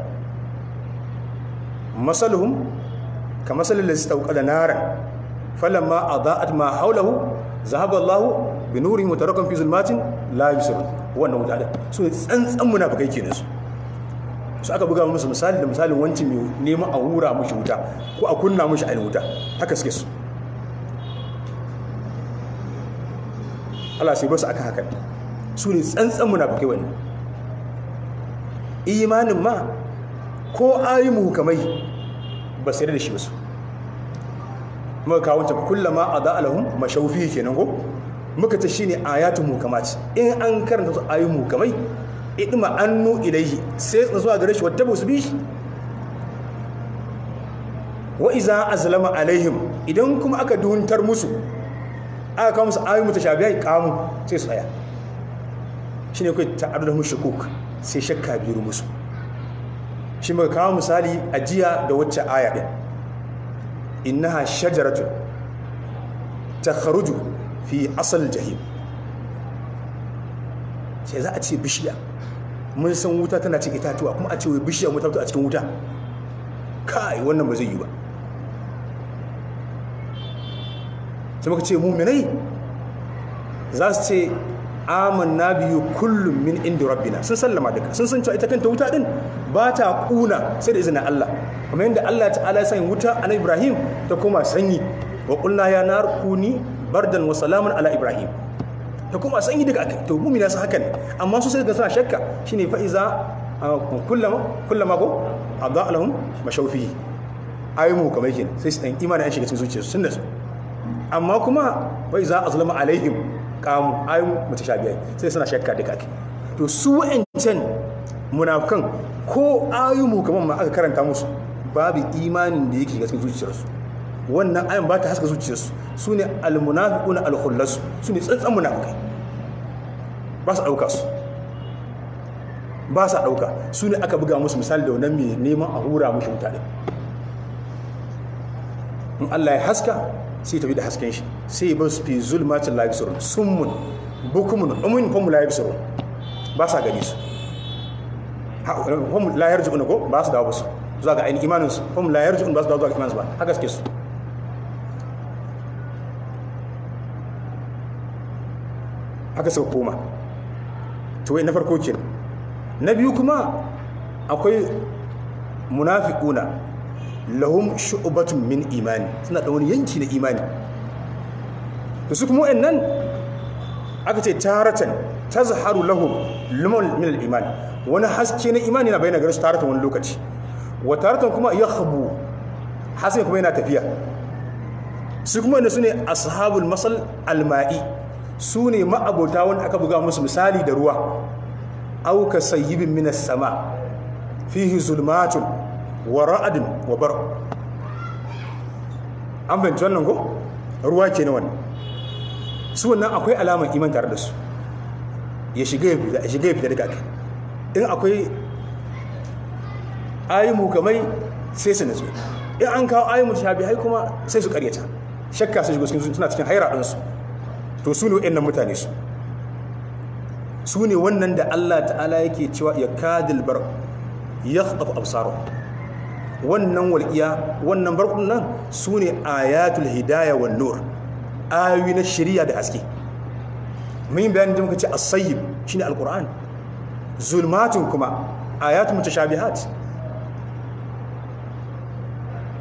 masaluhum ka masalin da su tauka da naran falamma adaat ma haulahu zahaba Allah bi nurihim fi zulmatin la yusirun wannan wuta din su ne tsantsan munafikai kenan su su aka buga musu misali da misalin wanci mai nema a wura mushi wuta ko a kunna mushi a wuta haka suke su Allah sai basu aka haka su ne tsantsan munafikai wani imanin ma ko ayi muhukamai ba sai da shi ba su muka kawo ta kullama ada alahum mashawfi kenan ko muka ta shine ayatu muhkamat in an karanta su ayi muhukamai idma annu ilaihi sai zuwa gare shi wata shi. wa iza azlama alaihim idan kuma aka duntar musu aka kawo musu ayoyi shabiya kamu sai su tsaya shine kai mu shukuk sai shakka biyu musu shi muka kawo misali a jiya da wacce aya din innaha shajaratu takharuju fi asal jahim sai za a ce bishiya mun san wuta tana cin itatuwa kuma a ce wai bishiya mu a cikin wuta kai wannan ba zai yi ba sai muka ce mu muminai za su ce amin na biyu kullum min inda rabbina sun sallama duka sun san cewa ita kanta wuta din ba ta kuna sai da izinin Allah kuma yadda Allah ta'ala ya sanya wuta a Ibrahim ta koma sanyi wa ya ya narkuni bardan wa salaman ala Ibrahim da kuma san yi daga akai to mu'mina sun haka ne amma su sai da suna shakka shine fa iza kullama kullama ko adha lahum mashawfi ayi mu kamar yake sai su dan imani an shiga cikin zuciyarsu sun da su amma kuma fa iza azlama alaihim qamu ayi mu mutashabiyai sai suna shakka daga ake to su wa'ancan munafukan ko ayi mu kamar ma aka karanta musu babu imanin da yake cikin zuciyarsu wannan ayan ba ta haska zuciyarsu su ne almunafi almunafiquna alkhullasu su ne tsantsan munafikai ba su ɗauka su ba su ɗauka su ne aka buga musu misali da wannan mai neman a hura mushi mutane in Allah ya haska sai tafi da hasken shi sai ba su fi zulmatin la sun mun bukumun umun famu la yabsurun ba su gani su famu la yarji'una ko ba su dawo ba su zuwa ga ainihin imaninsu famu la yarji'un ba su dawo zuwa ga imaninsu ba haka suke su haka suka koma to na farko kenan na biyu kuma akwai munafiquna lahum shu'batun min imani suna da wani yanki na imani to su kuma wannan aka ce taratan tazharu lahum lumul min al-iman wani haske na imani na bayyana gare su taratan wani lokaci wa taratan kuma yakhbu haske kuma yana tafiya su kuma ne su ne ashabul masal al-ma'i su ne ma'abota wanda aka buga musu misali da ruwa auka sayyibin minas sama fihi zulmatun wa ra'adun wa bar an fahimci wannan ko ruwa ke na wannan su wannan akwai alamar iman tare da su ya shiga ya fita daga kai in akwai ayi mukamai sai su nazo in an kawo ayi mushabi hai kuma sai su karyata shakka su shigo cikin suna cikin haira ɗinsu to su ne wa'annan mutane su su ne wannan da Allah ta'ala yake cewa ya kadil bar ya khatafu absaru wannan walƙiya wannan barkun nan su ne ayatul hidaya wa nur ayoyi na shirya da haske mun yi bayanin da muka ce as-sayyib ne alquran zulmatun kuma ayatul mutashabihat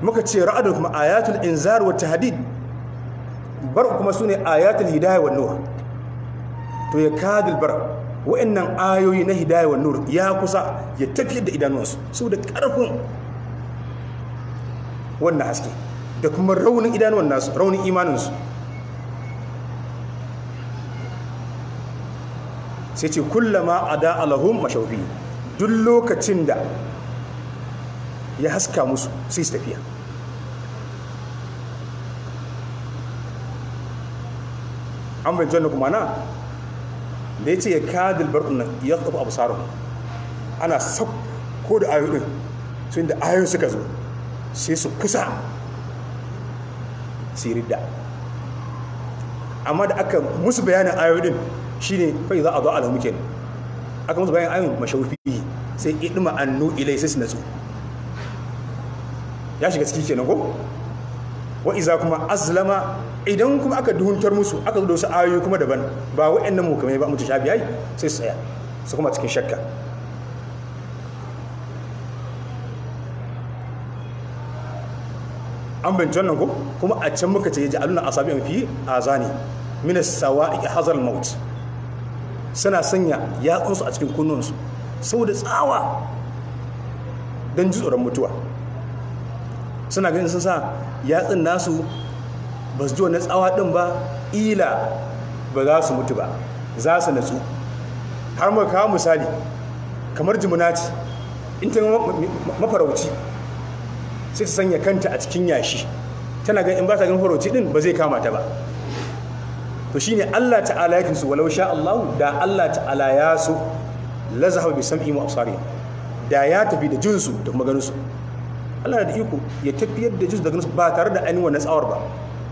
muka ce ra'adun kuma ayatul inzar wa tahdid bar kuma su ne ayatul hidaya wa nur to ya kadil bar wa'annan ayoyi na hidaya wa nur ya kusa ya tafiyar da idanuwansu saboda karfin wannan haske da kuma raunin idanuwan nasu raunin imaninsu sai ce kullama a da'alahun mashaufi duk lokacin da ya haska musu sai su tafiya an bai jannu kuma na da ya ce ya kadil barkun nan ya abu sarun ana sab ko da ayoyin su inda ayoyin suka zo sai su kusa su ridda amma da aka musu bayanin ayoyin shine fai za a zo alamu kenan aka musu bayanin ayoyin mashawufi sai idima annu ilai sai su natsu ya shiga ciki kenan ko wa'iza kuma azlama idan kuma aka duhuntar musu aka zo da wasu ayoyi kuma daban ba wa'annan mukamai ba biyayi sai su tsaya su kuma cikin shakka an bincin wannan ko kuma a can muka ce ji aluna asabi an fi a azani min sawa'i hazal maut suna sanya yatsunsu a cikin kunnuwansu saboda tsawa don ji tsoron mutuwa suna ganin sun sa yatsun nasu ba su ji wani tsawa ɗin ba ila ba za su mutu ba za su natsu har ma kawo misali kamar jimunaci in ta mafarauci sai ta sanya kanta a cikin yashi tana gan in ba ta gan farauci din ba zai kama ta ba to shine Allah ta'ala ya kinsu walau sha Allah da Allah ta'ala ya so la zahaba bi sam'i wa absari da ya tafi da jinsu da maganin su Allah da iko ya tafiyar da jinsu da ganin ba tare da ainihin wannan tsawar ba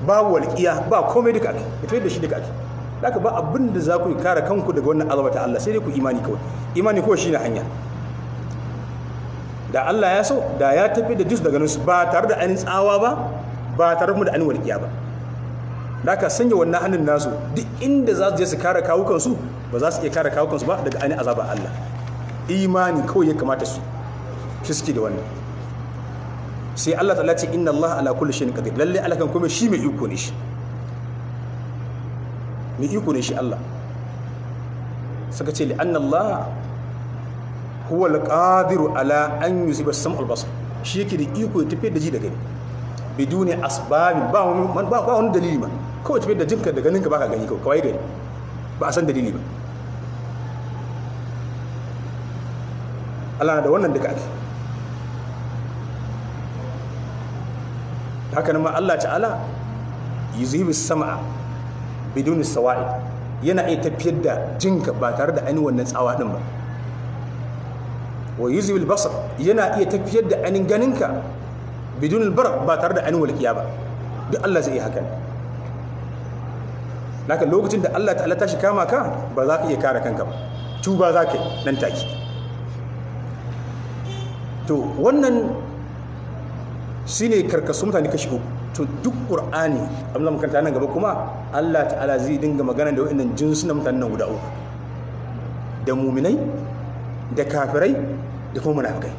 ba walƙiya ba komai duka ake ya tafiyar da shi duka ake haka ba abin da za ku yi kare kanku daga wannan azaba ta Allah sai dai ku imani kawai imani kawai ne hanya da Allah ya so da ya tafi da jus daga nan ba tare da ainihin tsawa ba ba tare da ainihin walƙiya ba da aka sanya wannan hannun nasu duk inda za su je su kare kawukansu ba za su iya kare kawukansu ba daga ainihin azaba Allah imani kawai ya kamata su shi suke da wannan sai Allah ta'ala ce inna Allah ala kulli shay'in qadir lalle Allah kan kuma shi mai iko ne shi mai iko ne shi Allah suka ce li anna Allah huwa al ala an yusiba sam al shi yake da iko ya tafi da ji da gani biduni ne ba wani ba wani dalili ma kawai tafi da jinka da ka baka gani kawai gani ba a san dalili ba Allah na da wannan duka ake haka ma Allah ta'ala yuzhibu sam'a bidun sawa'i yana iya tafiyar da jinka ba tare da ainihin wannan tsawa din ba wa yuzhibu basar yana iya tafiyar da ainihin ganinka bidun albar ba tare da ainihin walqiya ba duk Allah zai yi hakan naka lokacin da Allah ta'ala ta shi kama ka ba za ka iya kare kanka ba tuba za ka nan take to wannan ne karkasu mutane kashi uku to duk qur'ani abin makaranta nan gaba kuma Allah ta'ala zai dinga magana da wa'annan jinsunan mutane nan guda uku da muminai da kafirai da kuma munafikai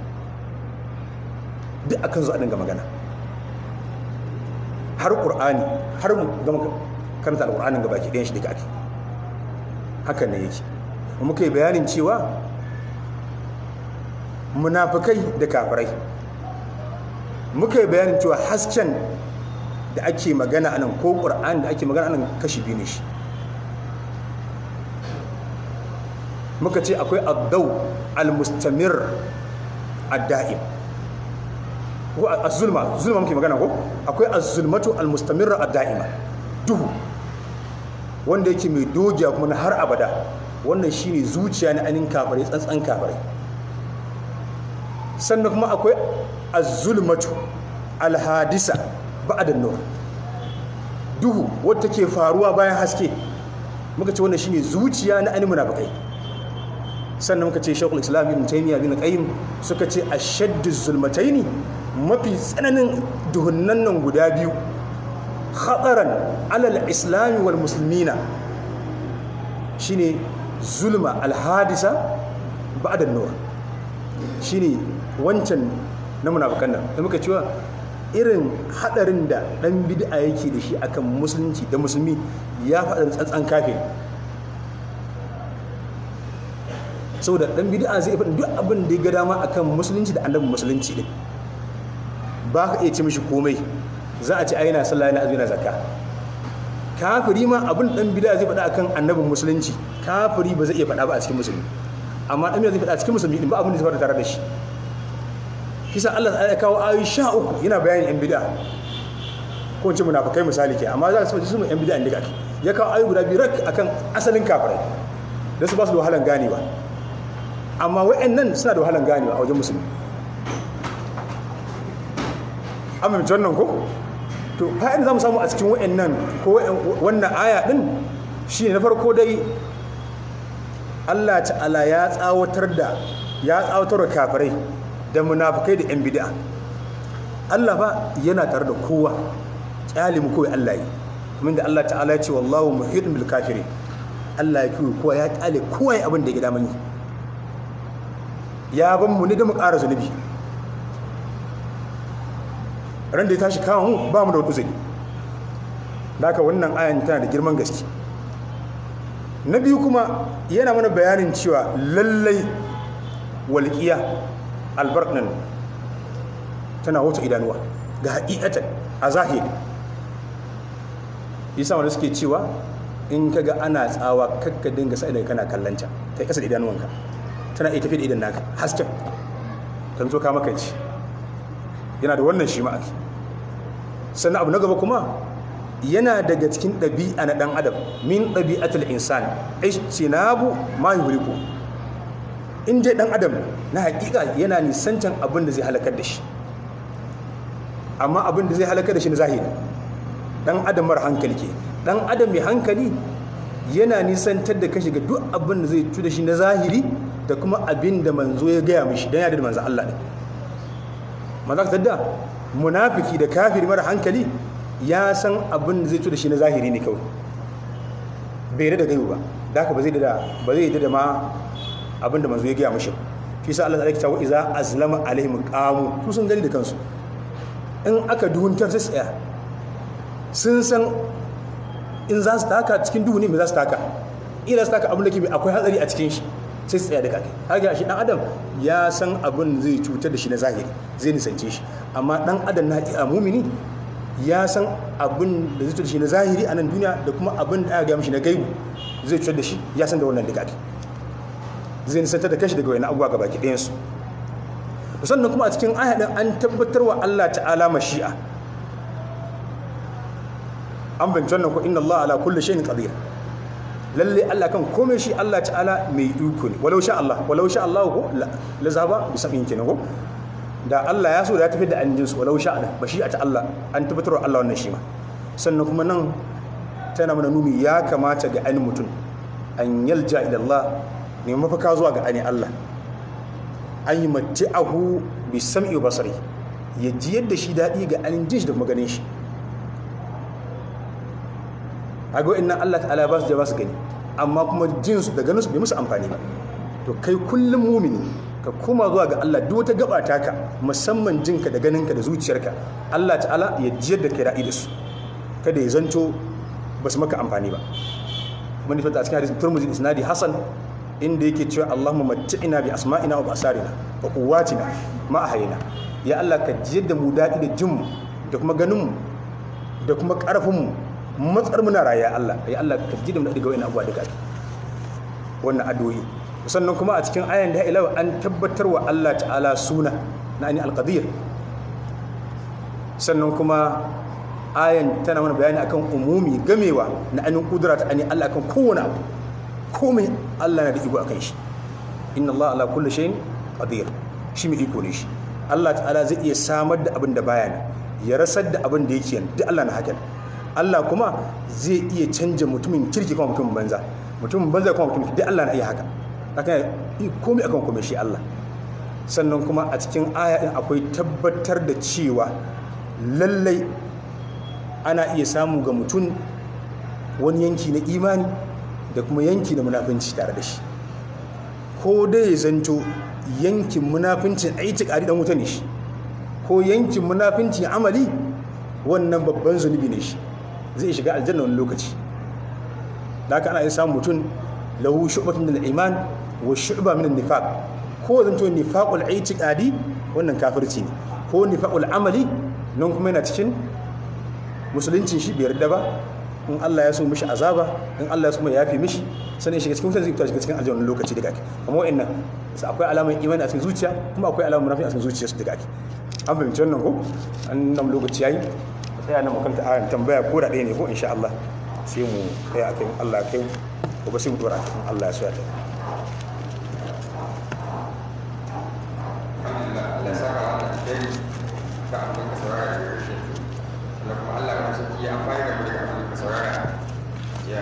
duk akan zo a dinga magana har qur'ani har mu gama karanta ƙuranin gaba ke ɗayan shi duka ake hakan ne yake muka yi bayanin cewa munafikai da kafirai muka yi bayanin cewa hasken da ake magana anan ko ƙur'an da ake magana anan kashi biyu ne shi muka ce akwai abdau al-mustamir ad-da'im ko a zulma zulma muke magana ko akwai a zulmatu al mustamir ad-da'ima duhu wanda yake mai dogiya kuma na har abada wannan shine zuciya na anin kafare tsantsan kafare sannan kuma akwai azulmatu zulmatu al nur duhu wanda take faruwa bayan haske muka ce wannan shine zuciya na ainihin munafikai sannan muka ce shekul islam ibn taymiya bin qayyim suka ce ashaddu zulmataini mafi tsananin duhunnan nan guda biyu khataran alal islami wal muslimina shine zulma alhadisa hadisa nur shine wancan na munafukan nan da muka cewa irin hadarin da dan bid'a yake da shi akan musulunci da musulmi ya faɗa tsantsan sau saboda dan bid'a zai faɗi duk abin da ya ga dama akan musulunci da annabin musulunci din ba ka iya ci mishi komai za a ci ai yana sallah na azumi na zakka kafiri ma abin dan bid'a zai faɗa akan annabin musulunci kafiri ba zai iya faɗa ba a cikin musulmi amma dan bid'a zai faɗa a cikin musulmi din ba abin da zai faɗa tare da shi kisa Allah ya kawo ayoyi sha uku yana bayanin yan bid'a ko ce kai misali ke amma za su su yan bid'a ne kake ya kawo ayoyi guda biyu rak akan asalin kafirai da su ba su da wahalan ganewa amma wa'annan suna da wahalan ganewa a wajen musulmi an mai wannan ko to fa'in za mu samu a cikin wa'annan ko wannan aya din shi na farko dai Allah ta'ala ya tsawatar da ya tsawatar da kafirai da munafukai da 'yan bid'a Allah ba yana tare da kowa kyalimu kowai Allah yi kuma da Allah ta'ala ya ce wallahu muhitun bil kafiri Allah ya kiwo kowa ya kyale kowa ya abin da ya gida mani ya ban mu ne da mu ƙara zunubi ran da ya tashi kawo mu ba mu da wata zai da haka wannan ayan tana da girman gaske na biyu kuma yana mana bayanin cewa lallai walƙiya albert nan tana wata idanuwa ga haƙiƙatar a zahiri isa wanda suke cewa in ka ga ana tsawa kakka dinga sa idan kana kallanta ta yi ƙasa da idanuwanka tana iya tafi da idan naka hasken kan zo kama maka ce yana da wannan shi ma'aki sannan abu na gaba kuma yana daga cikin ɗabi'a na ɗan adam min ɗabi'atul insan ijtinabu ma yuhliku in dai dan adam na hakika yana nisancan abin da zai halakar da shi amma abin da zai halakar da shi na zahiri dan adam mara hankali ke dan adam mai hankali yana nisantar da kashi ga duk abin da zai da shi na zahiri da kuma abin da manzo ya gaya mishi dan yadda manzo Allah din manzo da munafiki da kafiri mara hankali ya san abin da zai da shi na zahiri ne kawai bai da gaiwa ba da haka ba zai da ba zai da ma abinda manzo ya gaya mishi shi sa Allah zai cewa iza azlama alaihim qamu su sun gani da kansu in aka duhuntar sai tsaya sun san in za su taka cikin duhu ne me za su taka ina su taka abin da ke akwai hatsari a cikin shi sai su tsaya da kake har ga shi dan adam ya san abin zai cutar da shi na zahiri zai nisance shi amma dan adam na a mumini ya san abin da zai cutar da shi na zahiri a nan duniya da kuma abin da aka gaya mishi na gaibu zai cutar da shi ya san da wannan da kake zai nisantar da kashi daga wani abuwa ga baki ɗayansu sannan kuma a cikin ayyadan an tabbatar wa Allah ta'ala mashi'a an binci wannan ko inna Allah ala kulle shay'in qadir lalle Allah kan komai shi Allah ta'ala mai iko ne walau sha Allah walau sha Allah ko la zaba bi sabin kenan ko da Allah ya so da ya tafi da anjin su walau sha Allah ba shi ta Allah an tabbatar wa Allah wannan shi ma sannan kuma nan tana mana nuni ya kamata ga ainihin mutum an yalja ila Allah ne mafaka zuwa ga ani Allah an yi mace matti'ahu bi sam'i basari ya ji yadda shi daɗi ga ainihin jin shi da kuma ganin shi a ga wa'in Allah ta alaba su da ba su gani amma kuma jin su da ganin su bai musu amfani ba to kai kullum mumini ka koma zuwa ga Allah duk wata gaba ka musamman jinka da ganinka da zuciyarka Allah ta'ala ya ji yadda kai daɗi da su kada ya zanto ba su maka amfani ba kuma ni fata a cikin hadisin turmuzi isnadi hasan inda yake cewa Allahumma matti'ina bi asma'ina wa asarina wa quwwatina ma ahayina ya Allah ka jiyar da mu daɗi da jinmu da kuma mu da kuma mu matsar muna raya Allah ya Allah ka ji da mu daɗi ga wani abuwa duka wannan addu'o'i sannan kuma a cikin ayan da ilawa an tabbatar wa Allah ta'ala suna na ani alqadir sannan kuma ayan tana mana bayani akan umumi gamewa na anin kudrat ani Allah kan kowane abu komai Allah na da iko akan shi inna Allah ala kulli shay'in qadir shi mai iko ne shi Allah ta'ala zai iya samar da abin da baya ne ya rasar da abin da yake yin duk Allah na hakan Allah kuma zai iya canja mutumin kirki kuma mutumin banza mutumin banza kuma mutumin duk Allah na iya haka akan komai akan komai shi Allah sannan kuma a cikin aya din akwai tabbatar da cewa lallai ana iya samu ga mutum wani yanki na imani da kuma yanki na munafinci tare da shi ko dai ya zanto yankin munafincin a dan wuta ne shi ko yankin munafincin amali wannan babban zunubi ne shi zai shiga aljanna wani lokaci da aka ana yin samun mutum lahu shu'batun da iman wa shu'ba min nifaq ko zanto nifaqul aitiqadi wannan kafirci ne ko nifaqul amali nan kuma yana cikin musuluncin shi bai yarda ba in Allah ya so mishi azaba in Allah ya so ya yafi mishi sanin shiga cikin wutar zai fita shiga cikin aljanna lokaci daga ake amma wa'annan sai akwai alamar imani a cikin zuciya kuma akwai alamar munafi a cikin zuciya su daga ake an fahimci wannan ko an nan lokaci yayi sai ana makanta a tambaya ko da ɗaya ne ko insha Allah sai mu kai a kai Allah kai ko ba sai mu dora cikin Allah ya so ya ta Allah ya saka ka ciki ya amfani da mu daga abin saurara ya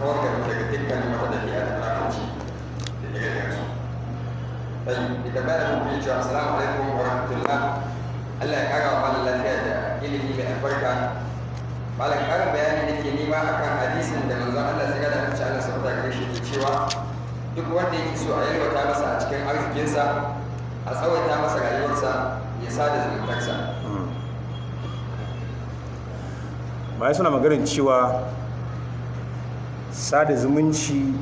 kawar da mu daga dukkanin wata dabi'a da lalaci da daga yanzu طيب بتبادل الفيديو السلام عليكم ورحمه الله Allah ya kara wa lafiya da ilimi mai albarka malam karin bayani da ke nema akan hadisin da manzon Allah sai ga da amince Allah saboda gare shi ke cewa duk wanda yake so a yi wata masa a cikin arzikinsa a tsawaita masa rayuwarsa ya sada zumuntarsa bayan suna maganin cewa sada zumunci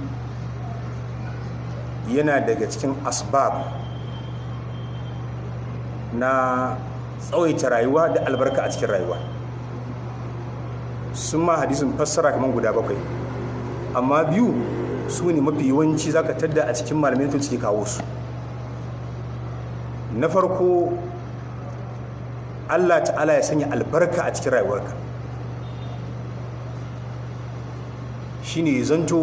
yana daga cikin asbab na tsawaita rayuwa da albarka a cikin rayuwa sun ma hadisun fassara kamar guda bakwai amma biyu su ne mafi yawanci za ka tadda a cikin malamai tun suke kawo su na farko allah ta'ala ya sanya albarka a cikin rayuwarka shine zanto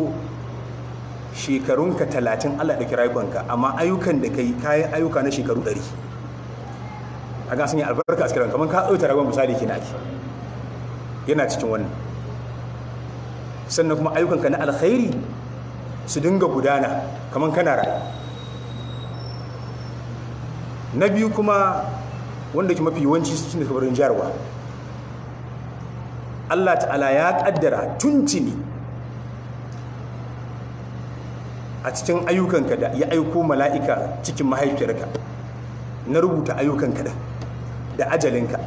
shekarunka talatin allah da kirabanka amma ayyukan da kai kayan ayyuka na shekaru dari. a gasan yi albarka a cikin kamar ka ɗauta ragon misali ke naki yana cikin wannan sannan kuma ayyukanka na alkhairi su dinga gudana kamar kana rayu na biyu kuma wanda ke mafi yawanci su cinye kabarin jarwa allah ta'ala ya ƙaddara tuntuni a cikin ayyukanka da ya aiko mala'ika cikin mahaifiyarka na rubuta ayyukanka da da ajalinka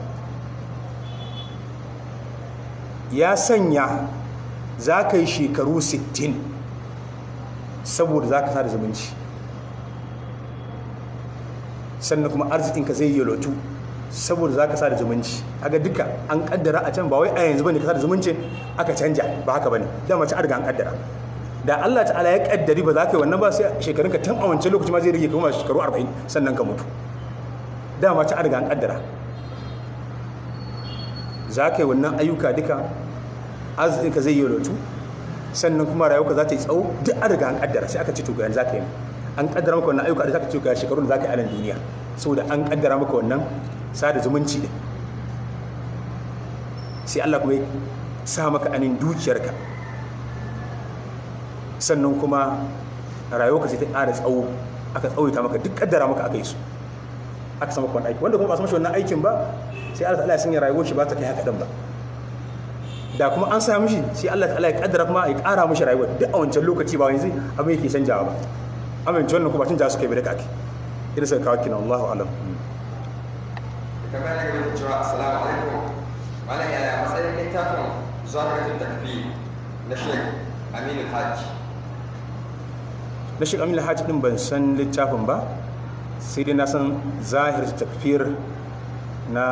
ya sanya za ka yi shekaru 60 saboda za ka sa da zumunci sannan kuma arzikinka zai yi lotu saboda za ka sa da zumunci aga duka an kaddara a can ba wai a yanzu ba ne ka sa da zumunci aka canja ba haka ba ne damar ci an kaddara da Allah ta'ala ya kaddari ba za ka yi wannan ba sai shekarun ka tun a wancan lokaci ma zai rage kuma shekaru 40 sannan ka mutu dama ta arga an kaddara za ka yi wannan ayyuka duka arzikin ka zai yi lotu sannan kuma rayuwa za ta yi tsawo duk an riga an kaddara sai aka ce to za ka yi an kaddara maka wannan ayyuka da za ka ce ga shekarun da za ka yi a nan duniya saboda an kaddara maka wannan sada zumunci din sai Allah kuma ya sa maka anin dukiyarka sannan kuma rayuwarka sai ta ƙara tsawo aka tsawo tsawaita maka duk kaddara maka aka yi su aka samu kwan aiki wanda kuma ba su mashi wannan aikin ba sai Allah ta'ala ya sanya rayuwar shi ba ta kai haka dan ba da kuma an sa mishi sai Allah ta'ala ya kaddara kuma ya ƙara mishi rayuwar duk a wancan lokaci ba yanzu abin yake canjawa ba amince wannan kuma tun ja su kai bai da kake irin sai kawo kina Allahu alam kamar yadda yake cewa assalamu alaikum malam yaya matsayin littafin zaharatul takfir na Sheikh Aminu Hajji na shi amin hajji din ban san littafin ba sai dai na san zahir tafiyar na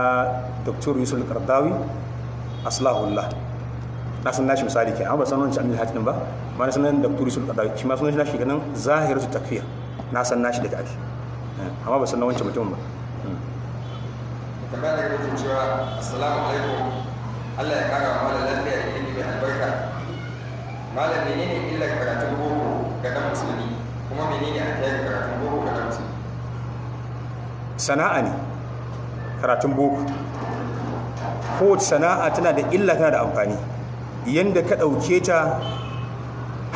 dr yusuf kardawi aslahullah na san nashi misali ke amma ba san wancan amin hajji din ba ma na san nan dr yusuf kardawi shi ma sunan nashi ganin zahir tafiyar na san nashi daga ake eh, amma ba san na wancan mutum ba hmm. tambaya da wajen cewa assalamu alaikum Allah ya kara mana lafiya da ilimi albarka malam menene illar karatun boko ga dan musulmi sana'a ne karatun boko ko sana'a tana da illa tana da amfani yanda ka ɗauke ta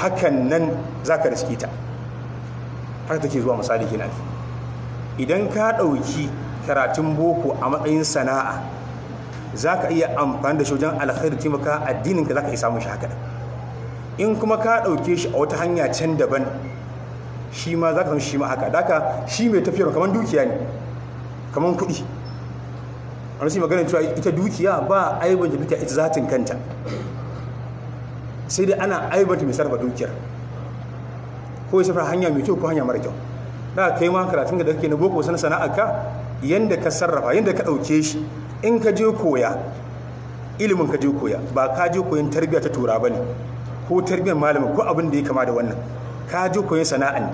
hakan nan za ka riske ta haka take zuwa misali idan ka ɗauki karatun boko a matsayin sana'a za ka iya amfani da shi wajen alkhairi taimaka addininka za ka iya samun shi haka in kuma ka ɗauke shi a wata hanya can daban shi ma za ka zama shi ma haka daga shi mai tafiyar kamar dukiya ne kamar kuɗi a sai maganin cewa ita dukiya ba aibanta dukiya ita zatin kanta sai dai ana ta mai sarrafa dukiyar ko ya safar hanya mai kyau ko hanya mara kyau da kai ma karatun da kake na boko sana sana'a ka yanda ka sarrafa yanda ka ɗauke shi in ka je koya ilimin ka je koya ba ka je koyan tarbiyya ta tura ba ne ko tarbiyyar malamin ko abin da ya kama da wannan ka ji koyi sana'a ne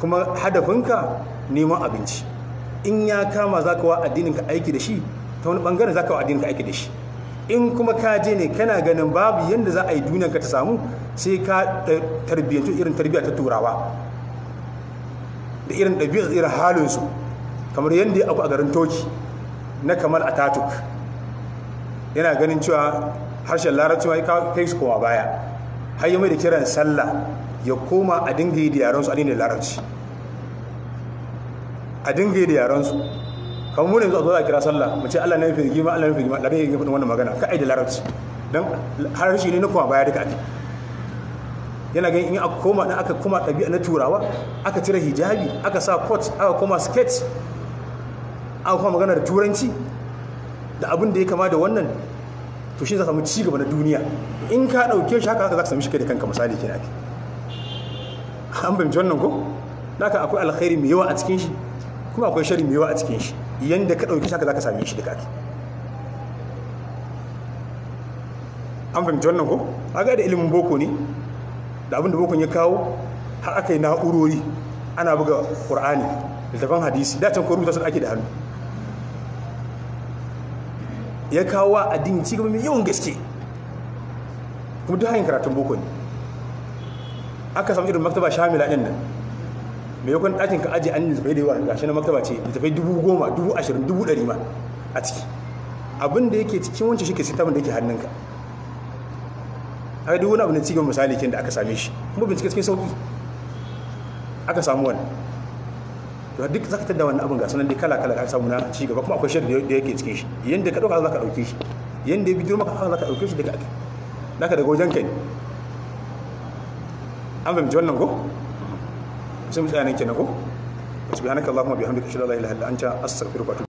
kuma hadafinka neman abinci in ya kama za ka wa addininka aiki da shi ta wani bangaren za ka wa addininka aiki da shi in kuma ka je ne kana ganin babu yadda za a yi duniyarka ta samu sai ka eh, tarbiyyantu irin tarbiyya ta turawa da irin ɗabi'a da irin halinsu kamar yadda aku a garin toki na kamar atatuk yana ganin cewa harshen larabci ma kai su koma baya har yi mai da kiran sallah ya koma a dinga yi da yaransu a dinga larabci a dinga yi da yaransu kamar yanzu a zuwa zuwa kira sallah mu ce Allah na fi gima Allah na fi gima da yi gima wannan magana ka'ai da da larabci har harshe ne na kuma baya duka ake yana ganin in aka koma na aka koma ɗabi'a na turawa aka cire hijabi aka sa coat aka koma skate aka kuma magana da turanci da abin da ya kama da wannan to shi za samu ci gaba na duniya in ka dauke shi haka haka za ka samu shi kai da kanka misali ke nafi an fahimci wannan ko haka akwai alkhairi mai yawa a cikin shi kuma akwai shari mai yawa a cikin shi yanda ka dauke shi haka za ka same shi da kake an fahimci wannan ko a ga da ilimin boko ne da abin da bokon ya kawo har aka yi na'urori ana buga ƙur'ani littafin hadisi da can ko rubuta sun ake da hannu ya kawo wa addini cigaba mai yawan gaske kuma duk hanyar karatun boko ne aka samu irin maktaba shamila ɗin nan mai yakon ɗakin ka aji an zafai da yawa gashi na maktaba ce tafai dubu goma dubu ashirin dubu ɗari ma a ciki abin da yake cikin wancan shi ke sitabin da yake hannunka haka duk wani abu na cigaba misali kyan da aka same shi kuma bincike cikin sauƙi aka samu wani to duk zaka tada wannan abin ga sanan dai kala kala ka samu na ci gaba kuma akwai shirin da yake cikin shi yanda ka dauka zaka dauke shi yanda bidiyo maka haka zaka dauke shi daga aka naka daga wajen kai an fahimci wannan ko sai mu tsaya nan kenan ko allahumma bihamdika ashhadu an la ilaha illa anta astaghfiruka